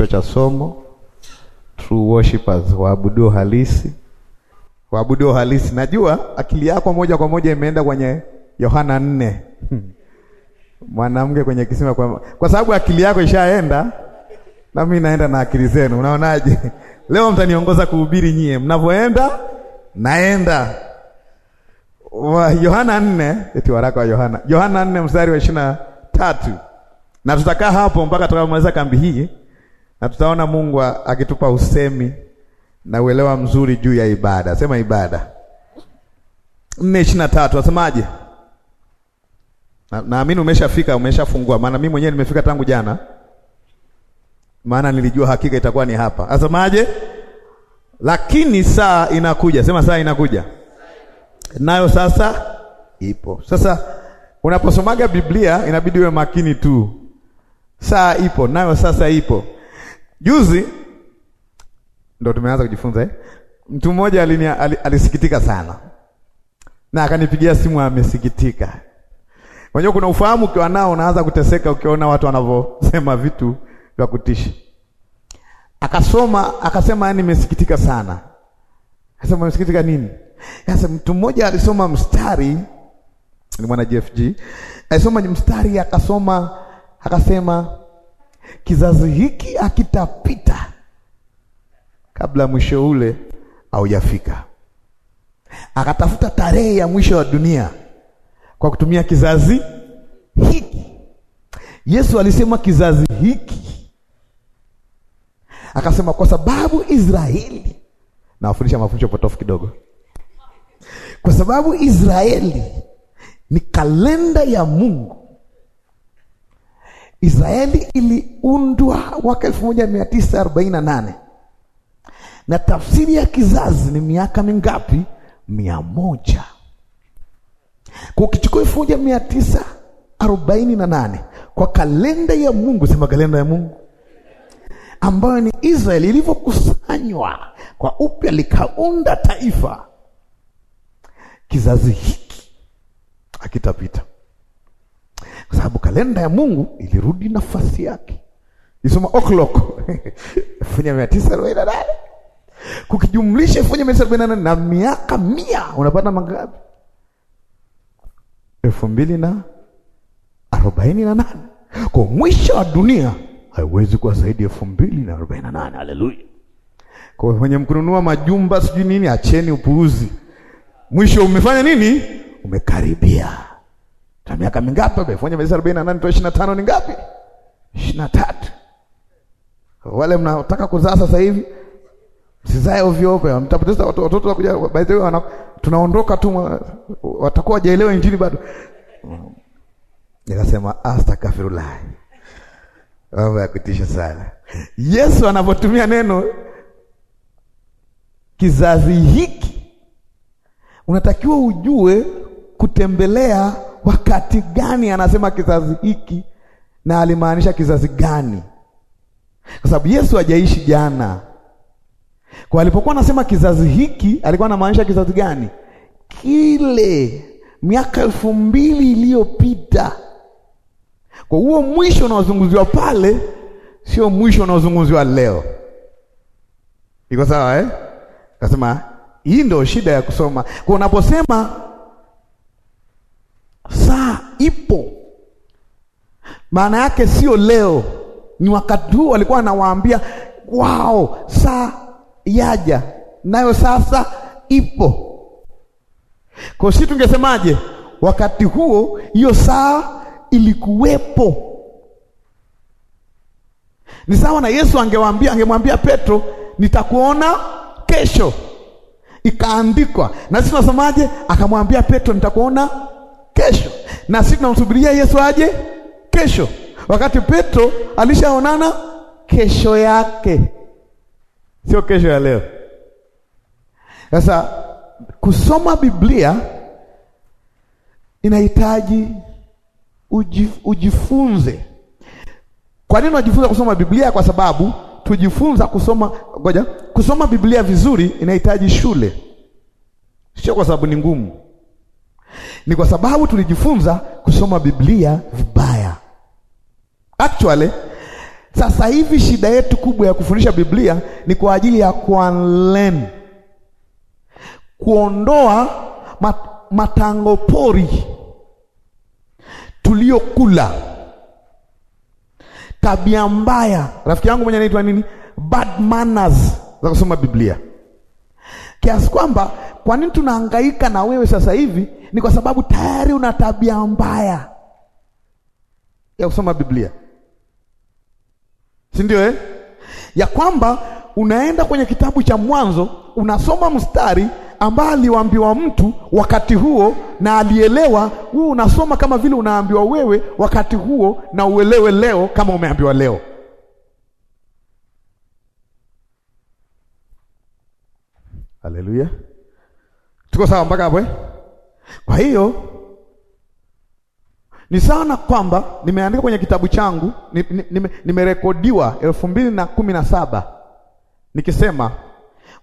kichwa cha somo true worshipers, waabudu halisi. Waabudu halisi, najua akili yako moja kwa moja imeenda kwenye Yohana nne hmm. mwanamke kwenye kisima kwa, kwa sababu akili yako ishaenda, na mimi naenda na akili zenu. Unaonaje? Leo mtaniongoza kuhubiri nyie, mnavyoenda naenda. Wa Yohana nne, eti waraka wa Yohana, Yohana nne mstari wa ishirini na tatu, na tutakaa hapo mpaka tutakapomaliza kambi hii na tutaona Mungu akitupa usemi na uelewa mzuri juu ya ibada. Sema ibada. nne ishirini na tatu nasemaje? Naamini na umeshafika, umeshafungua, maana mimi mwenyewe nimefika tangu jana, maana nilijua hakika itakuwa ni hapa. Asemaje? Lakini saa inakuja, sema saa inakuja, nayo sasa ipo. Sasa unaposomaga Biblia inabidi uwe makini tu. Saa ipo, nayo sasa ipo. Juzi ndo tumeanza kujifunza eh? Mtu mmoja alinia alisikitika sana na akanipigia simu, amesikitika. Unajua kuna ufahamu ukiwa nao unaanza kuteseka ukiona watu wanavyosema vitu vya kutisha. Akasoma akasema, yani nimesikitika sana. Akasema nimesikitika nini? Sasa mtu mmoja alisoma mstari, ni mwana JFG, alisoma mstari akasoma akasema kizazi hiki hakitapita kabla mwisho ule haujafika. Akatafuta tarehe ya mwisho wa dunia kwa kutumia kizazi hiki. Yesu alisema kizazi hiki, akasema kwa sababu Israeli, nawafundisha mafundisho potofu kidogo, kwa sababu Israeli ni kalenda ya Mungu Israeli iliundwa mwaka 1948 na tafsiri ya kizazi ni miaka mingapi? Mia moja. Kwa ukichukua elfu moja mia tisa arobaini na nane kwa kalenda ya Mungu, sema kalenda ya Mungu ambayo ni Israeli ilivyokusanywa kwa upya likaunda taifa, kizazi hiki akitapita kwa sababu kalenda ya Mungu ilirudi nafasi yake. Isoma o'clock elfu moja mia tisa arobaini na nane kukijumlisha elfu moja mia tisa arobaini na nane na miaka mia unapata mangapi? elfu mbili na arobaini na nane kwa mwisho wa dunia haiwezi kuwa zaidi elfu mbili na arobaini na nane Haleluya! Kwa wenye mkununua majumba sijui nini, acheni upuuzi. Mwisho umefanya nini? Umekaribia na miaka mingapi? Amefanya miezi 48 toa 25 ni ngapi? 23. Wale mnataka kuzaa sasa hivi msizae ovyo ovyo, mtapoteza watoto watakuja. By the way, tunaondoka tu, watakuwa wajaelewa injili bado. Nikasema astaghfirullah, mambo ya kutisha sana. Yesu anapotumia neno kizazi hiki, unatakiwa ujue kutembelea wakati gani anasema kizazi hiki na alimaanisha kizazi gani? Kwa sababu Yesu hajaishi jana. Kwa alipokuwa anasema kizazi hiki alikuwa anamaanisha kizazi gani? Kile miaka elfu mbili iliyopita. Kwa huo mwisho unaozungumziwa pale sio mwisho unaozungumziwa leo. Iko sawa eh? Kasema hii ndio shida ya kusoma. Kwa unaposema saa ipo. Maana yake sio leo, ni wakati huu. Alikuwa anawaambia wao, saa yaja nayo sasa ipo. Kwa si tungesemaje? Wakati huo hiyo saa ilikuwepo. Ni sawa na Yesu angewaambia, angemwambia Petro, nitakuona kesho, ikaandikwa. Na sisi tunasemaje? Akamwambia Petro, nitakuona kesho, na sisi tunamsubiria Yesu aje kesho, wakati Petro alishaonana kesho yake, sio kesho ya leo. Sasa kusoma Biblia inahitaji ujif, ujifunze. Kwa nini unajifunza kusoma Biblia? Kwa sababu tujifunza kusoma, ngoja, kusoma Biblia vizuri inahitaji shule, sio kwa sababu ni ngumu. Ni kwa sababu tulijifunza kusoma Biblia vibaya. Actually, sasa hivi shida yetu kubwa ya kufundisha Biblia ni kwa ajili ya kuunlearn, kuondoa mat, matango pori tuliyokula, tabia mbaya. Rafiki yangu mwenye anaitwa nini, bad manners za kusoma Biblia, kiasi kwamba kwa nini tunahangaika na wewe sasa hivi? Ni kwa sababu tayari una tabia mbaya ya kusoma Biblia, si ndio eh? ya kwamba unaenda kwenye kitabu cha Mwanzo unasoma mstari ambaye aliwaambiwa mtu wakati huo na alielewa. Wewe unasoma kama vile unaambiwa wewe wakati huo na uelewe leo kama umeambiwa leo. Haleluya. Tuko sawa mpaka hapo eh? Kwa hiyo ni sana kwamba nimeandika kwenye kitabu changu nimerekodiwa ni, ni, ni elfu mbili na kumi na saba nikisema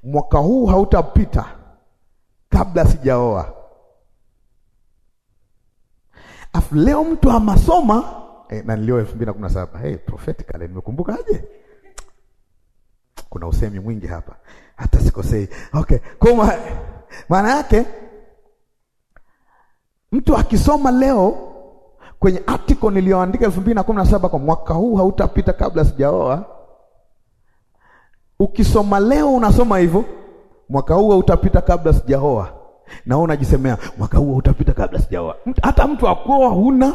mwaka huu hautapita kabla sijaoa. Afu leo mtu amasoma eh, na nilio elfu mbili na kumi na saba. Hey, prophetically aje? Kuna usemi mwingi hapa, hata sikosei. Okay, kuma maana yake mtu akisoma leo kwenye article niliyoandika elfu mbili na kumi na saba kwa mwaka huu hautapita kabla sijaoa. Ukisoma leo unasoma hivyo, mwaka huu hautapita kabla sijaoa, na wewe unajisemea mwaka huu hautapita kabla sijaoa. Hata mtu akuoa huna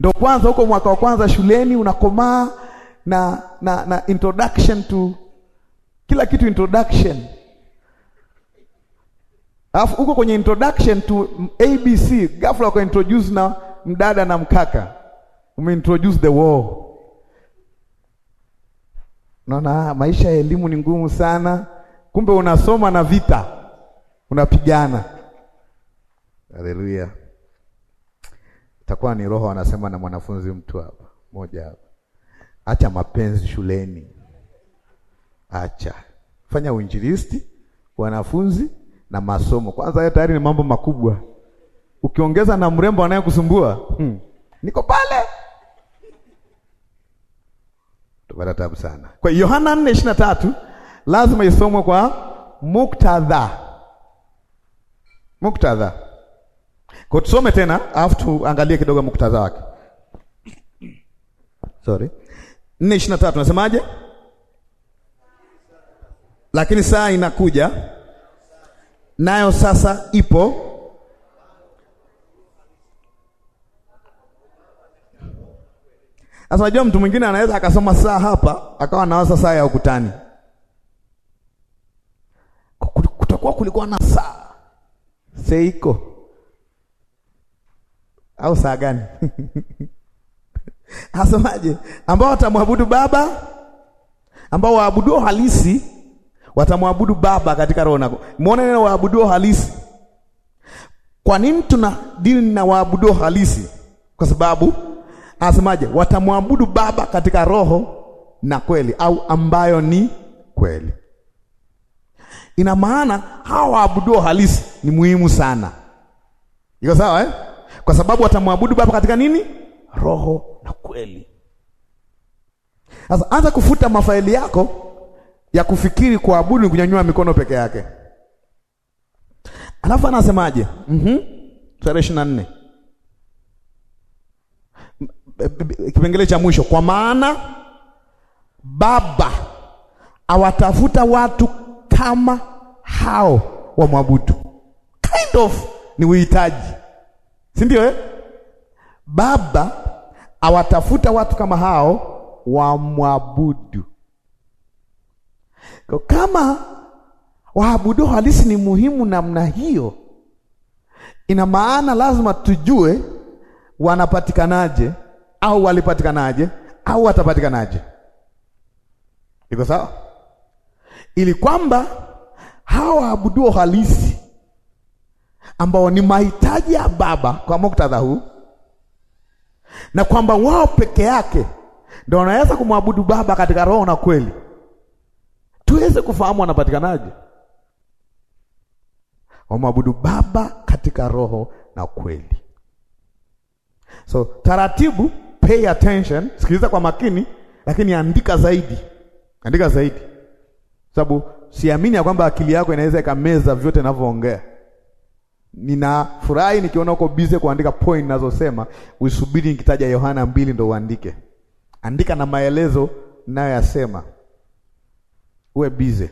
ndo kwanza huko mwaka wa kwanza shuleni unakomaa na na na introduction to kila kitu introduction, alafu huko kwenye introduction to ABC ghafla uko introduce na mdada na mkaka, umeintroduce the war. Naona maisha ya elimu ni ngumu sana, kumbe unasoma na vita unapigana. Haleluya! Itakuwa ni roho anasema na mwanafunzi mtu hapa moja hapa Acha mapenzi shuleni, acha fanya uinjilisti, wanafunzi na masomo kwanza. Hayo tayari ni mambo makubwa, ukiongeza na mrembo anayekusumbua hmm. Niko pale tupata tabu sana. Kwa Yohana 4:23 lazima isomwe kwa muktadha, muktadha kwa tusome tena, alafu tuangalie kidogo muktadha wake. Sorry nne ishirini na tatu nasemaje? Lakini saa inakuja nayo sasa ipo Sasa unajua mtu mwingine anaweza akasoma saa hapa akawa anawaza saa ya ukutani. Kutakuwa kulikuwa na saa seiko au saa gani? asemaje Ambao watamwabudu Baba, ambao waabuduo halisi watamwabudu Baba katika roho na Muone neno waabuduo halisi. Kwa nini tuna dini na waabuduo halisi? Kwa sababu asemaje Watamwabudu Baba katika roho na kweli, au ambayo ni kweli. Ina maana hawa waabuduo halisi ni muhimu sana. Iko sawa eh? Kwa sababu watamwabudu Baba katika nini? roho na kweli. Sasa anza kufuta mafaili yako ya kufikiri, kuabudu ni kunyanyua mikono peke yake. Alafu anasemaje? Mhm, tarehe ishirini na nne kipengele cha mwisho, kwa maana Baba awatafuta watu kama hao wa mwabudu. Kind of ni uhitaji, si ndio eh? Baba awatafuta watu kama hao wamwabudu. Kama waabudu halisi ni muhimu namna hiyo, ina maana lazima tujue wanapatikanaje au walipatikanaje au watapatikanaje. Iko sawa? Ili kwamba hawa waabuduo halisi ambao ni mahitaji ya Baba kwa muktadha huu na kwamba wao peke yake ndio wanaweza kumwabudu Baba katika roho na kweli. Tuweze kufahamu wanapatikanaje? Wamwabudu Baba katika roho na kweli. So taratibu, pay attention, sikiliza kwa makini, lakini andika zaidi, andika zaidi, sababu siamini ya kwamba akili yako inaweza ikameza vyote navyoongea Ninafurahi nikiona uko busy kuandika point nazosema, usubiri nikitaja Yohana mbili ndo uandike. Andika na maelezo nayo yasema uwe busy.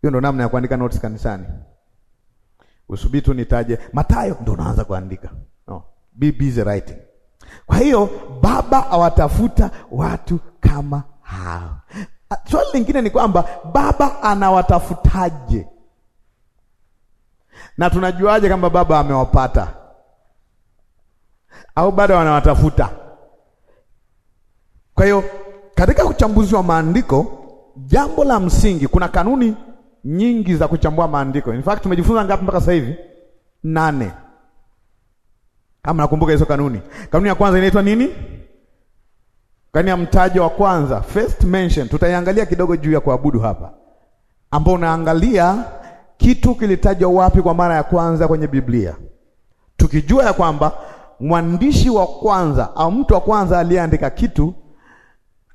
Hiyo ndo namna ya kuandika notes kanisani. Usubiri tu nitaje Mathayo ndo unaanza kuandika. No, be busy writing. Kwa hiyo Baba awatafuta watu kama hao. Ah, swali lingine ni kwamba Baba anawatafutaje? Na tunajuaje kama baba amewapata au bado wanawatafuta? Kwa hiyo katika uchambuzi wa maandiko, jambo la msingi, kuna kanuni nyingi za kuchambua maandiko. In fact tumejifunza ngapi mpaka sasa hivi? Nane, kama nakumbuka hizo kanuni. Kanuni ya kwanza inaitwa nini? Kanuni ya mtajo wa kwanza, first mention. Tutaiangalia kidogo juu ya kuabudu hapa, ambao unaangalia kitu kilitajwa wapi kwa mara ya kwanza kwenye Biblia? Tukijua ya kwamba mwandishi wa kwanza au mtu wa kwanza aliyeandika kitu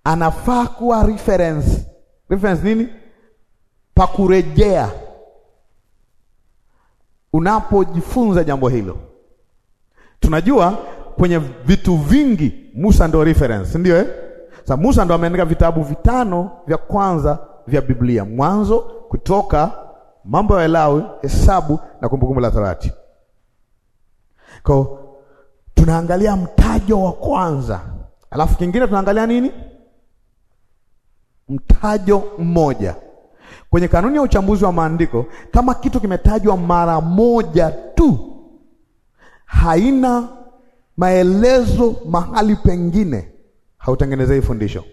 anafaa kuwa reference. Reference nini? Pa kurejea unapojifunza jambo hilo. Tunajua kwenye vitu vingi Musa ndo reference, ndio eh? Sa Musa ndo ameandika vitabu vitano vya kwanza vya Biblia, Mwanzo, Kutoka mambo ya Walawi, hesabu na kumbukumbu la Torati. Kwa tunaangalia mtajo wa kwanza, alafu kingine tunaangalia nini? Mtajo mmoja kwenye kanuni ya uchambuzi wa maandiko. Kama kitu kimetajwa mara moja tu, haina maelezo mahali pengine, hautengenezei fundisho,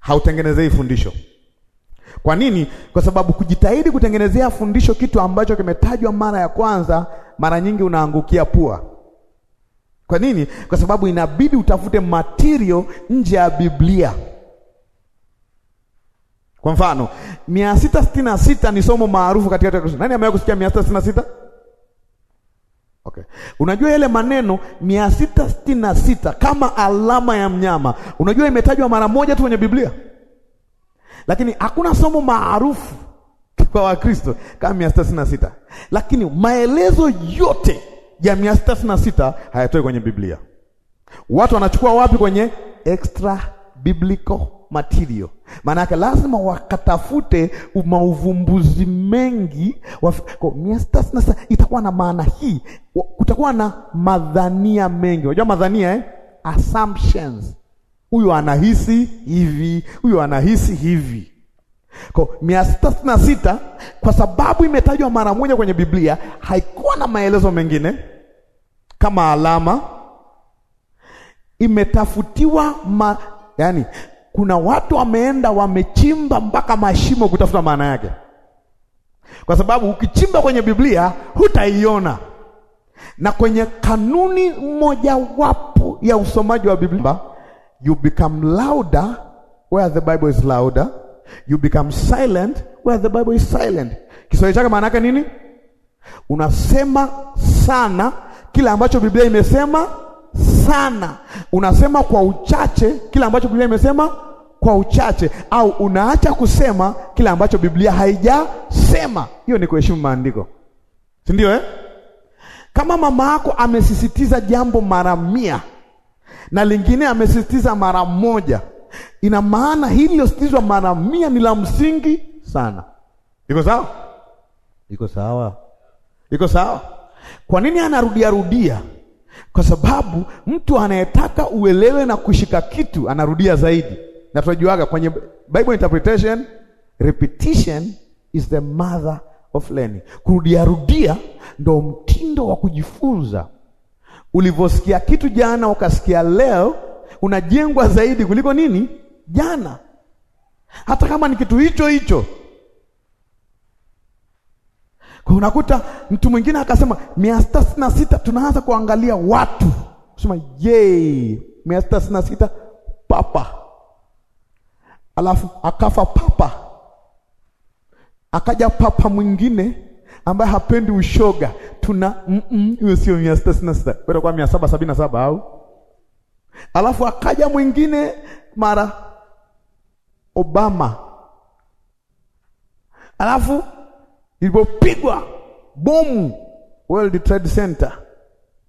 hautengenezei fundisho. Kwa nini? Kwa sababu kujitahidi kutengenezea fundisho kitu ambacho kimetajwa mara ya kwanza, mara nyingi unaangukia pua. Kwa nini? Kwa sababu inabidi utafute material nje ya Biblia. Kwa mfano, 666 ni somo maarufu katika Kristo. Nani amewahi kusikia 666? Okay. Unajua yale maneno 666 kama alama ya mnyama. Unajua imetajwa mara moja tu kwenye Biblia lakini hakuna somo maarufu kwa Wakristo kama mia sita sitini na sita, lakini maelezo yote ya mia sita sitini na sita hayatoi kwenye Biblia. Watu wanachukua wapi? Kwenye extra biblical material. Maana yake lazima wakatafute mauvumbuzi mengi kwa mia sita sitini na sita itakuwa na maana hii, kutakuwa na madhania mengi. Unajua madhania eh? Assumptions huyu anahisi hivi, huyu anahisi hivi. Kwa mia sita sitini na sita kwa sababu imetajwa mara moja kwenye Biblia, haikuwa na maelezo mengine kama alama imetafutiwa ma, yani kuna watu wameenda wamechimba mpaka mashimo kutafuta maana yake, kwa sababu ukichimba kwenye Biblia hutaiona. Na kwenye kanuni mojawapo ya usomaji wa Biblia You become louder where the Bible is louder, you become silent where the Bible is silent. Kiswahili chake maana yake nini? Unasema sana kile ambacho Biblia imesema sana, unasema kwa uchache kile ambacho Biblia imesema kwa uchache, au unaacha kusema kile ambacho Biblia haijasema. Hiyo ni kuheshimu maandiko, si ndio eh? Kama mama yako amesisitiza jambo mara mia na lingine amesisitiza mara moja. Ina maana hili lilosisitizwa mara mia ni la msingi sana. Iko sawa? Iko sawa? Iko sawa? Kwa nini anarudia rudia? Kwa sababu mtu anayetaka uelewe na kushika kitu anarudia zaidi, na tunajuaga kwenye Bible interpretation, repetition is the mother of learning. rudia ndo mtindo wa kujifunza ulivyosikia kitu jana ukasikia leo, unajengwa zaidi kuliko nini jana, hata kama ni kitu hicho hicho. Kwa unakuta mtu mwingine akasema mia sita sitini na sita tunaanza kuangalia watu sema ye mia sita sitini na sita papa, alafu akafa papa, akaja papa mwingine ambaye hapendi ushoga, tuna mm, mm, hiyo sio mia sita sitini na sita kwenda kwa mia saba sabini na saba au alafu akaja mwingine mara Obama, alafu ilipopigwa bomu World Trade Center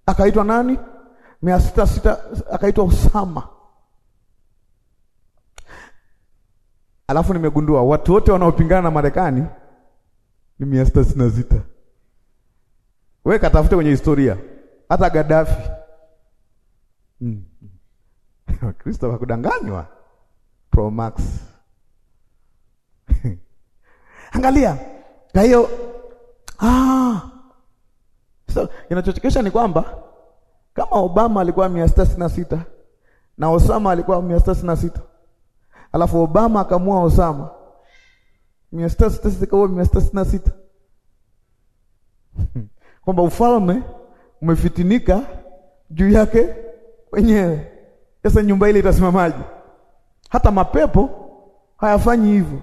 akaitwa nani? mia sita sita akaitwa Usama. Alafu nimegundua watu wote wanaopingana na Marekani mia sita sina zita. Wewe katafute kwenye historia hata Gaddafi. Mm. Wakristo hakudanganywa Pro Max. Angalia. Kwa hiyo ah. So, inachochekesha ni kwamba kama Obama alikuwa mia sita sitini na sita na Osama alikuwa mia sita sitini na sita alafu Obama akamua Osama mia kwamba ufalme umefitinika juu yake wenyewe. Sasa nyumba ile itasimamaje? Hata mapepo hayafanyi hivyo.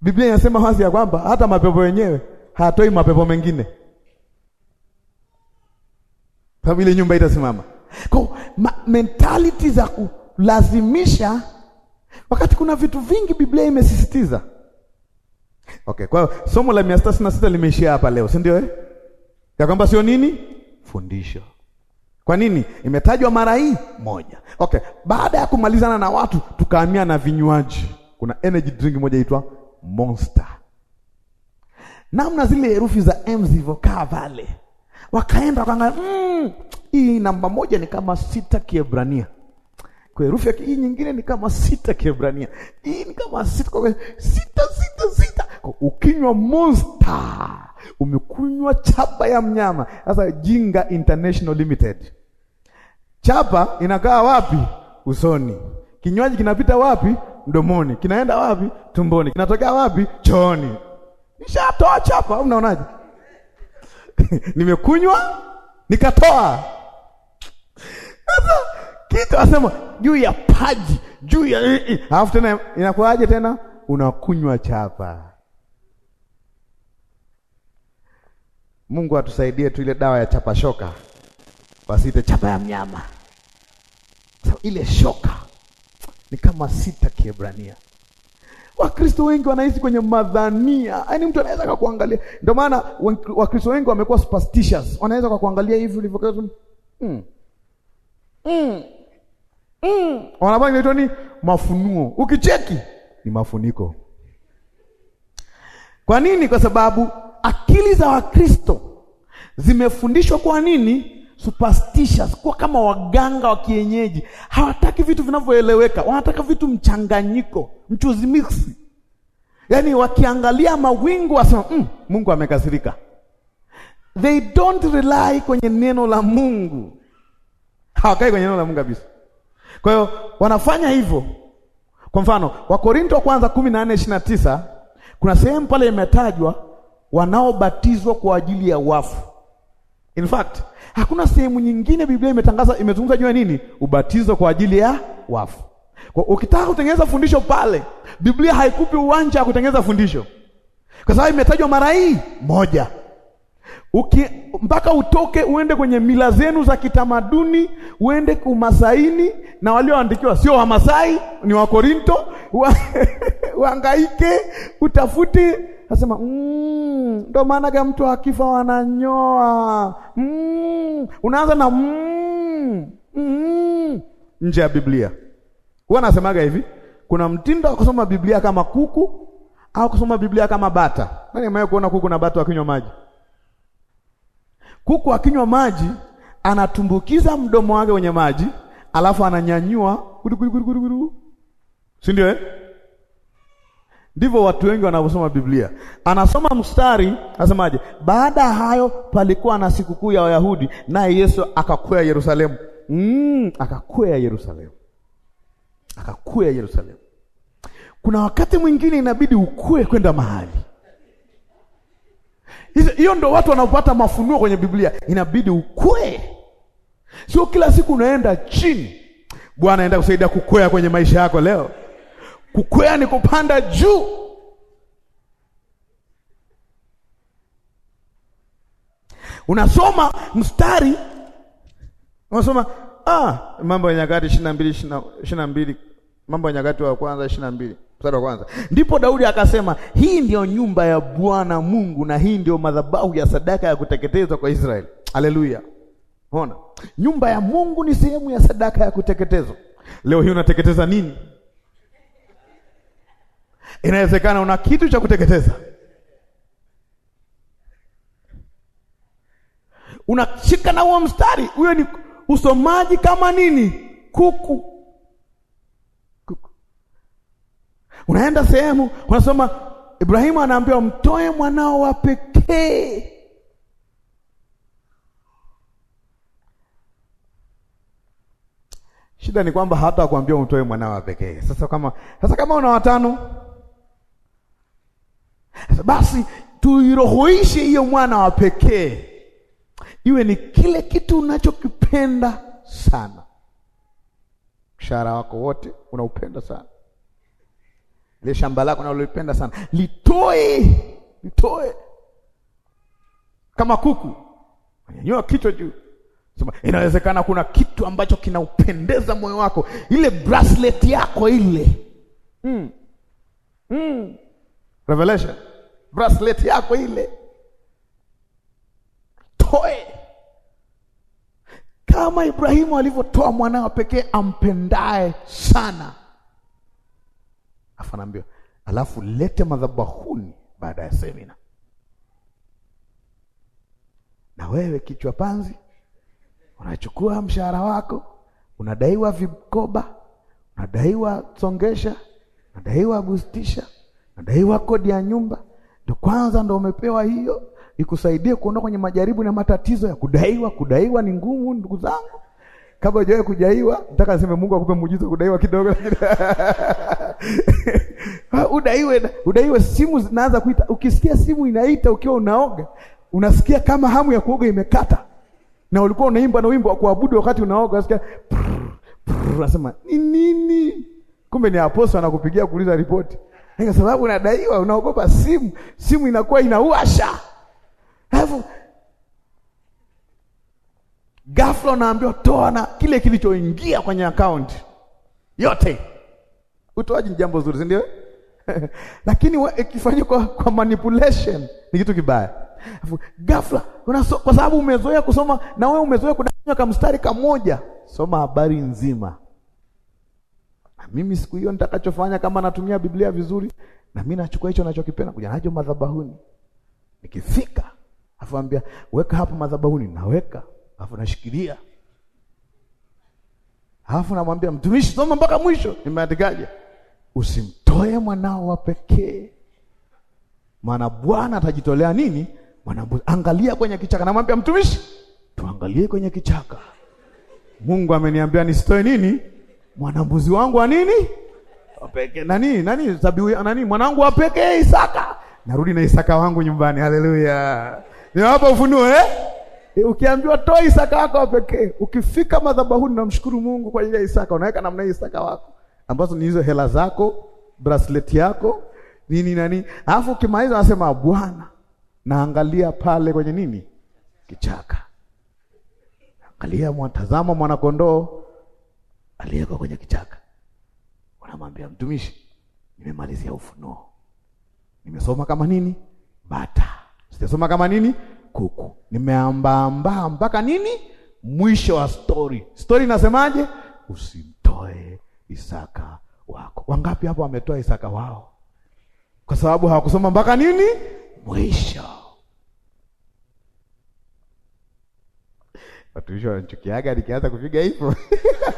Biblia inasema wazi ya kwamba hata mapepo wenyewe hayatoi mapepo mengine, sababu ile nyumba itasimama. Kwa mentality za kulazimisha, wakati kuna vitu vingi Biblia imesisitiza Okay, kwa hiyo somo la mia sita sitini na sita limeishia hapa leo, si ndio eh? Ya kwamba sio nini fundisho. Kwa nini imetajwa mara hii moja? Okay, baada ya kumalizana na watu tukahamia na vinywaji. Kuna energy drink moja itwa Monster. Namna zile herufi za M zilivyokaa pale, wakaenda wakaangalia, hmm, hii namba moja ni kama sita Kiebrania kwa herufi yake hii nyingine ni kama sita Kiebrania. Hii ni kama sita kwa sita sita sita. Kwa ukinywa monster, umekunywa chapa ya mnyama. Sasa Jinga International Limited. Chapa inakaa wapi? Usoni. Kinywaji kinapita wapi? Mdomoni. Kinaenda wapi? Tumboni. Kinatokea wapi? Chooni. Nishatoa chapa, unaonaje? Nimekunywa nikatoa. Sasa kitu asema juu ya paji juu ya alafu tena inakuwaje tena unakunywa chapa. Mungu atusaidie tu ile dawa ya chapa shoka, wasite chapa ya mnyama. So, ile shoka ni kama sita Kiebrania. Wakristo wengi wanaishi kwenye madhania, yaani mtu anaweza akakuangalia. Ndio maana Wakristo wengi wamekuwa superstitious, wanaweza akakuangalia hivi ulivyokaa mm. mm. Mm, inaitwa ni mafunuo. Ukicheki ni mafuniko. Kwa nini? Kwa sababu akili za Wakristo zimefundishwa kwa nini? Superstitious, kuwa kama waganga wa kienyeji. Hawataki vitu vinavyoeleweka, wanataka vitu mchanganyiko, mchuzi mix. Yaani wakiangalia mawingu wasema mm, Mungu amekasirika. They don't rely kwenye neno la Mungu, hawakai kwenye neno la Mungu kabisa. Kwa hiyo wanafanya hivyo. Kwa mfano Wakorinto wa kwanza 14:29 kuna sehemu pale imetajwa wanaobatizwa kwa ajili ya wafu. In fact, hakuna sehemu nyingine Biblia imetangaza imezungumza juu ya nini? Ubatizo kwa ajili ya wafu. Kwa ukitaka kutengeneza fundisho pale, Biblia haikupi uwanja wa kutengeneza fundisho. Kwa sababu imetajwa mara hii moja uki mpaka utoke uende kwenye mila zenu za kitamaduni, uende kumasaini na walioandikiwa sio Wamasai, ni Wakorinto uhangaike utafute. Nasema mm, ndo maana mm, mtu akifa wananyoa mm, unaanza na mm, mm, nje ya Biblia. Huwa nasemaga hivi, kuna mtindo wa kusoma Biblia kama kuku au kusoma Biblia kama bata. Nani amewahi kuona kuku na bata wakinywa maji? Kuku akinywa maji anatumbukiza mdomo wake kwenye maji, alafu ananyanyua guruguruguru, si ndio eh? Ndivyo watu wengi wanavyosoma Biblia. Anasoma mstari, anasemaje? Baada ya hayo palikuwa na sikukuu ya Wayahudi, naye Yesu akakwea Yerusalemu. Mm, akakwea Yerusalemu, akakwea Yerusalemu. Kuna wakati mwingine inabidi ukue kwenda mahali hiyo ndo watu wanaopata mafunuo kwenye Biblia, inabidi ukwe, sio kila siku unaenda chini. Bwana aenda kusaidia kukwea kwenye maisha yako leo. Kukwea ni kupanda juu. Unasoma mstari unasoma ah, Mambo ya Nyakati ishirini na mbili ishirini na mbili Mambo ya Nyakati wa kwanza ishirini na mbili mstari wa kwanza, ndipo Daudi akasema, hii ndio nyumba ya Bwana Mungu na hii ndio madhabahu ya sadaka ya kuteketezwa kwa Israeli. Haleluya! Ona, nyumba ya Mungu ni sehemu ya sadaka ya kuteketezwa. Leo hii unateketeza nini? Inawezekana una kitu cha kuteketeza, unashika na huo mstari. Huyo ni usomaji kama nini, kuku Unaenda sehemu unasoma, Ibrahimu anaambiwa mtoe mwanao wa pekee. Shida ni kwamba hata kuambia umtoe mwanao wa pekee. Sasa kama sasa kama una watano, basi tuirohoishe hiyo mwana wa pekee iwe ni kile kitu unachokipenda sana. Mshahara wako wote unaupenda sana ile shamba lako nalolipenda sana, litoe litoe, kama kuku nyanyua kichwa juu. Sema, inawezekana kuna kitu ambacho kinaupendeza moyo wako, ile bracelet yako ile mm. Mm. Revelation bracelet yako ile, toe kama Ibrahimu alivyotoa mwanao pekee ampendaye sana. Afu alafu lete madhabahuni baada ya semina, na wewe kichwa panzi unachukua mshahara wako, unadaiwa vikoba, unadaiwa songesha, unadaiwa bustisha, unadaiwa kodi ya nyumba, ndo kwanza ndo umepewa hiyo ikusaidie kuondoka kwenye majaribu na matatizo ya kudaiwa. Kudaiwa ni ngumu, ndugu zangu kabla hujawahi kujaiwa, nataka niseme Mungu akupe muujiza kudaiwa kidogo lakini ah, udaiwe, udaiwe. Simu zinaanza kuita, ukisikia simu inaita ukiwa unaoga, unasikia kama hamu ya kuoga imekata, na ulikuwa unaimba na wimbo wa kuabudu wakati unaoga, unasikia unasema ni nini? Kumbe ni aposto anakupigia kuuliza ripoti, kwa sababu unadaiwa, unaogopa simu. Simu inakuwa inauasha alafu ghafla unaambiwa toa na kile kilichoingia kwenye account yote. Utoaji ni jambo zuri, si ndio? Lakini ikifanywa kwa, kwa manipulation ni kitu kibaya. Ghafla unaso, kwa sababu umezoea kusoma na wewe umezoea kudanganywa kama mstari kamoja, soma habari nzima. Na mimi siku hiyo nitakachofanya, kama natumia Biblia vizuri, na mimi nachukua hicho ninachokipenda kuja nacho madhabahuni. Nikifika afuambia weka hapo madhabahuni, naweka alafu nashikilia, alafu namwambia mtumishi, soma mpaka mwisho. Nimeandikaje? usimtoe mwanao wa pekee, maana Bwana atajitolea nini? Mwanambuzi. Angalia kwenye kichaka, namwambia mtumishi, tuangalie kwenye kichaka. Mungu ameniambia nisitoe nini? Mwanambuzi wangu wa nini? Peke nani nani sabiu nani mwanangu wa pekee Isaka. Narudi na Isaka wangu nyumbani. Haleluya. Niwapa ufunuo eh? Eh, ukiambiwa toa Isaka wako wa pekee, ukifika madhabahuni namshukuru Mungu kwa ajili ya Isaka, unaweka namna Isaka wako ambazo ni hizo hela zako, bracelet yako, nini nani, alafu ukimaliza unasema Bwana, naangalia pale kwenye nini kichaka, angalia mwatazama mwanakondoo kondoo aliyeko kwenye kichaka. Unamwambia mtumishi, nimemalizia Ufunuo, nimesoma kama nini bata, sijasoma kama nini kuku. Nimeambaambaa mpaka nini? Mwisho wa stori. Stori inasemaje? Usimtoe Isaka wako. Wangapi hapo wametoa Isaka wao? Kwa sababu hawakusoma mpaka nini? Mwisho. Watumishi wanachukiaga nikianza kupiga hivyo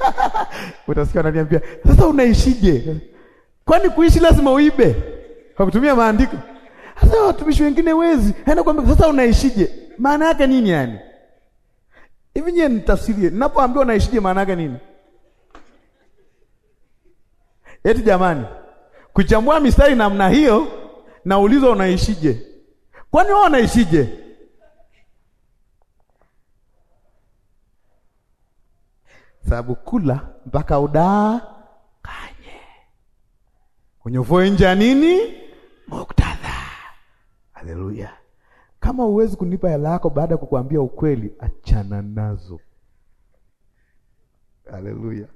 utasikia wananiambia, sasa unaishije? Kwani kuishi lazima uibe kwa kutumia maandiko? Sasa watumishi wengine wezi, haina yaani kwamba sasa unaishije? Maana yake nini yani? Hivi nyewe nitafsirie. Ninapoambiwa unaishije maana yake nini? Eti jamani, kuchambua mistari namna hiyo naulizwa unaishije? Kwani wewe unaishije? Sababu kula mpaka udaa kanye unyovoe nje ya nini Mokta. Haleluya! Kama huwezi kunipa hela yako baada ya kukuambia ukweli, achana nazo. Haleluya!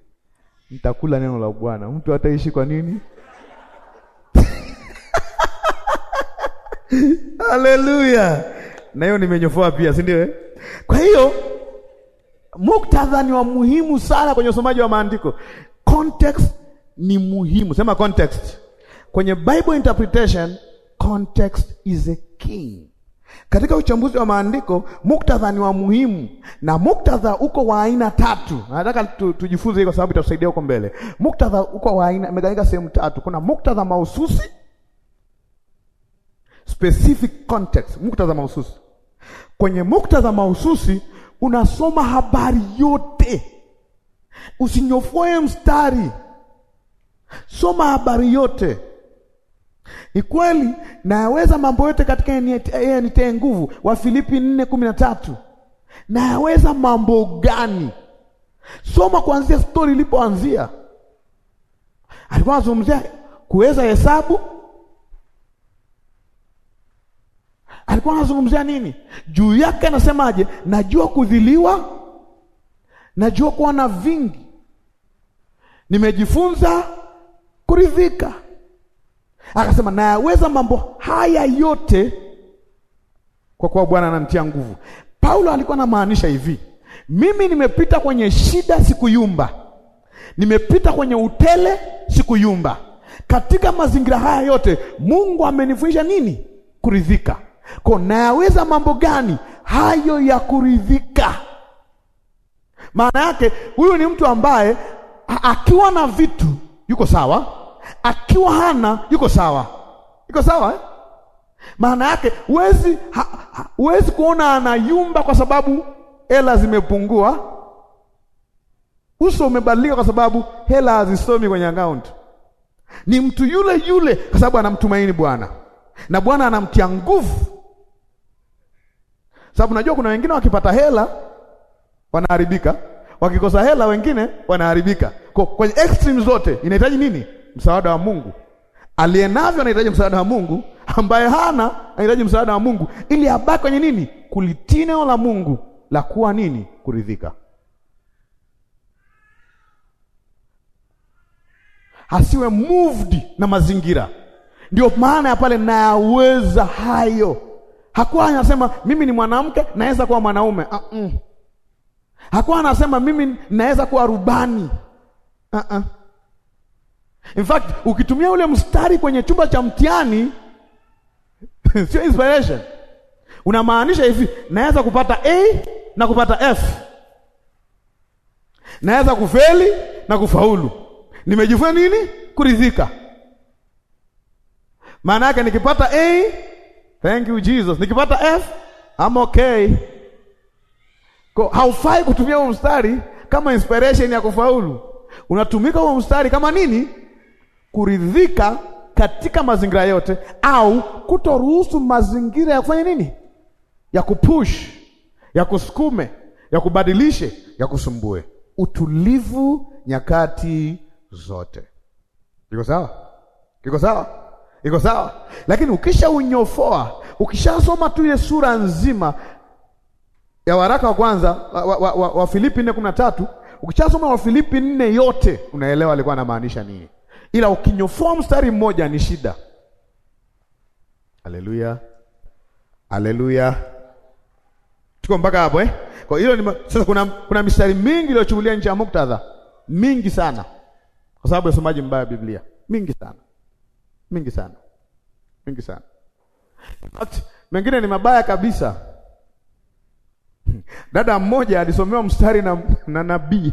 Nitakula neno la Bwana. Mtu ataishi kwa nini? Haleluya! na hiyo nimenyofoa pia, si ndio? Eh? Kwa hiyo muktadha ni wa muhimu sana kwenye usomaji wa maandiko. Context ni muhimu, sema context kwenye Bible interpretation Context is a key. Katika uchambuzi wa maandiko, muktadha ni wa muhimu, na muktadha uko wa aina tatu. Nataka tujifunze kwa sababu itatusaidia huko mbele. Muktadha uko wa aina imegawika sehemu tatu. Kuna muktadha mahususi, specific context, muktadha mahususi. Kwenye muktadha mahususi unasoma habari yote, usinyofoe mstari, soma habari yote ni kweli nayaweza mambo yote katika yeye anitiaye nguvu, wa nne kumi na tatu. Nayaweza mambo gani? Soma kuanzia stori ilipoanzia, alikuwa anazungumzia kuweza hesabu, alikuwa anazungumzia nini juu yake? Anasemaje? Najua kudhiliwa, najua kuwa na vingi, nimejifunza kuridhika Akasema nayaweza mambo haya yote kwa kuwa Bwana anamtia nguvu. Paulo alikuwa anamaanisha hivi, mimi nimepita kwenye shida sikuyumba, nimepita kwenye utele sikuyumba. Katika mazingira haya yote Mungu amenifunisha nini? Kuridhika. Kwa nayaweza mambo gani hayo ya kuridhika? Maana yake huyu ni mtu ambaye akiwa na vitu yuko sawa akiwa hana yuko sawa, yuko sawa eh? Maana yake huwezi huwezi kuona anayumba kwa sababu hela zimepungua. Uso umebadilika kwa sababu hela hazisomi kwenye akaunti. Ni mtu yule yule kwa sababu anamtumaini Bwana na Bwana anamtia nguvu, sababu najua kuna wengine wakipata hela wanaharibika, wakikosa hela wengine wanaharibika. Kwa kwenye extreme zote inahitaji nini? msaada wa Mungu. navyo anahitaji msaada wa Mungu, ambaye hana anahitaji msaada wa Mungu ili abaki kwenye nini? Kulitii neno la Mungu la kuwa nini? Kuridhika. Asiwe moved na mazingira. Ndio maana ya pale nayaweza hayo. Hakuwa anasema mimi ni mwanamke naweza kuwa mwanaume. Ah, -uh. Hakuwa anasema mimi naweza kuwa rubani. Ah, ah. In fact ukitumia ule mstari kwenye chumba cha mtihani sio inspiration, unamaanisha hivi, naweza kupata A na kupata F, naweza kufeli na kufaulu. Nimejifunza nini? Kuridhika. Maana yake nikipata A, thank you Jesus, nikipata F I'm okay. Kwa haufai kutumia huo mstari kama inspiration ya kufaulu, unatumika huo mstari kama nini kuridhika katika mazingira yote, au kutoruhusu mazingira ya kufanya nini, ya kupush, ya kusukume, ya kubadilishe, ya kusumbue. Utulivu nyakati zote. Iko sawa? Iko sawa? Iko sawa? Lakini ukisha unyofoa, ukishasoma tu ile sura nzima ya waraka wa kwanza wa, wa, wa, wa Filipi 4:13, ukishasoma wa Filipi 4 yote unaelewa alikuwa anamaanisha nini ila ukinyofoa mstari mmoja ni shida. Haleluya, haleluya, tuko mpaka hapo eh? Kwa hilo ni sasa, kuna, kuna mistari mingi iliyochukulia nje ya muktadha mingi sana, kwa sababu ya usomaji mbaya Biblia, mingi sana, mingi sana, mingi sana. Mengine ni mabaya kabisa. Dada mmoja alisomewa mstari na, na nabii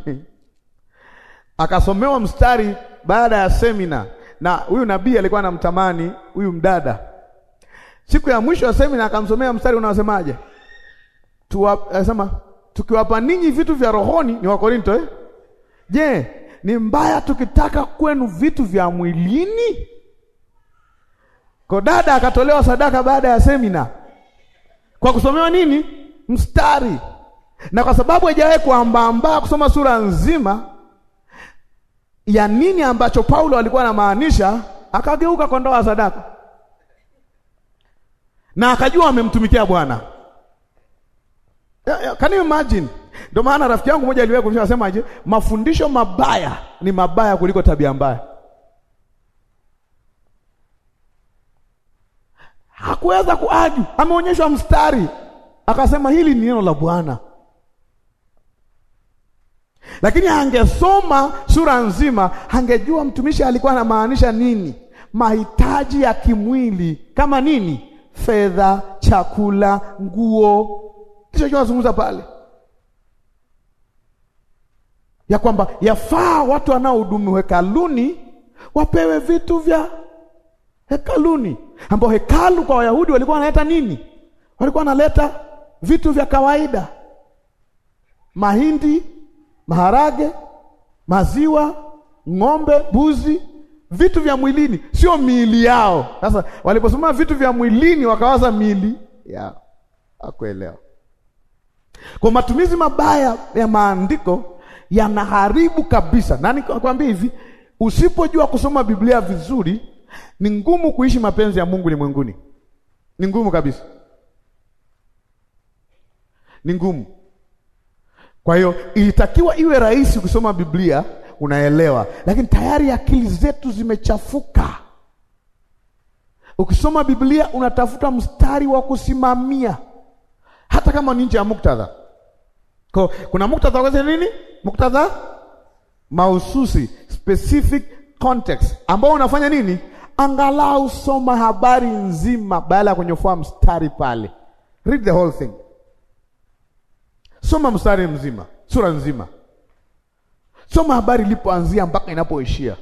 akasomewa mstari baada ya semina, na huyu nabii alikuwa anamtamani huyu mdada. Siku ya mwisho ya semina akamsomea mstari unaosemaje? tuwasema tukiwapa ninyi vitu vya rohoni, ni Wakorinto eh? Je, ni mbaya tukitaka kwenu vitu vya mwilini? Kwa dada akatolewa sadaka baada ya semina kwa kusomewa nini? Mstari. Na kwa sababu hajawahi kuambaambaa kusoma sura nzima ya nini ambacho Paulo alikuwa anamaanisha, akageuka kwa ndoa sadaka na akajua amemtumikia Bwana. Can you imagine? Ndio maana rafiki yangu mmoja aliwahi kunisha sema aje, mafundisho mabaya ni mabaya kuliko tabia mbaya. Hakuweza kuaju, ameonyeshwa mstari, akasema hili ni neno la Bwana. Lakini angesoma sura nzima, angejua mtumishi alikuwa anamaanisha nini. Mahitaji ya kimwili kama nini? Fedha, chakula, nguo, ndicho kinazungumza pale, ya kwamba yafaa watu wanaohudumu hekaluni wapewe vitu vya hekaluni, ambao hekalu kwa Wayahudi walikuwa wanaleta nini? Walikuwa wanaleta vitu vya kawaida, mahindi maharage, maziwa, ng'ombe, mbuzi, vitu vya mwilini, sio miili yao. Sasa waliposema vitu vya mwilini, wakawaza miili yao. Hakuelewa. Kwa matumizi mabaya ya maandiko yanaharibu kabisa. Na nikwambia hivi, usipojua kusoma Biblia vizuri, ni ngumu kuishi mapenzi ya Mungu limwenguni. Ni ngumu kabisa, ni ngumu kwa hiyo ilitakiwa iwe rahisi kusoma Biblia, unaelewa, lakini tayari akili zetu zimechafuka. Ukisoma Biblia unatafuta mstari wa kusimamia, hata kama ni nje ya muktadha. Kwa kuna muktadha kwa nini? Muktadha mahususi, specific context, ambao unafanya nini? Angalau soma habari nzima badala ya kunyofoa mstari pale. Read the whole thing. Soma mstari mzima, sura nzima, soma habari ilipoanzia mpaka inapoishia.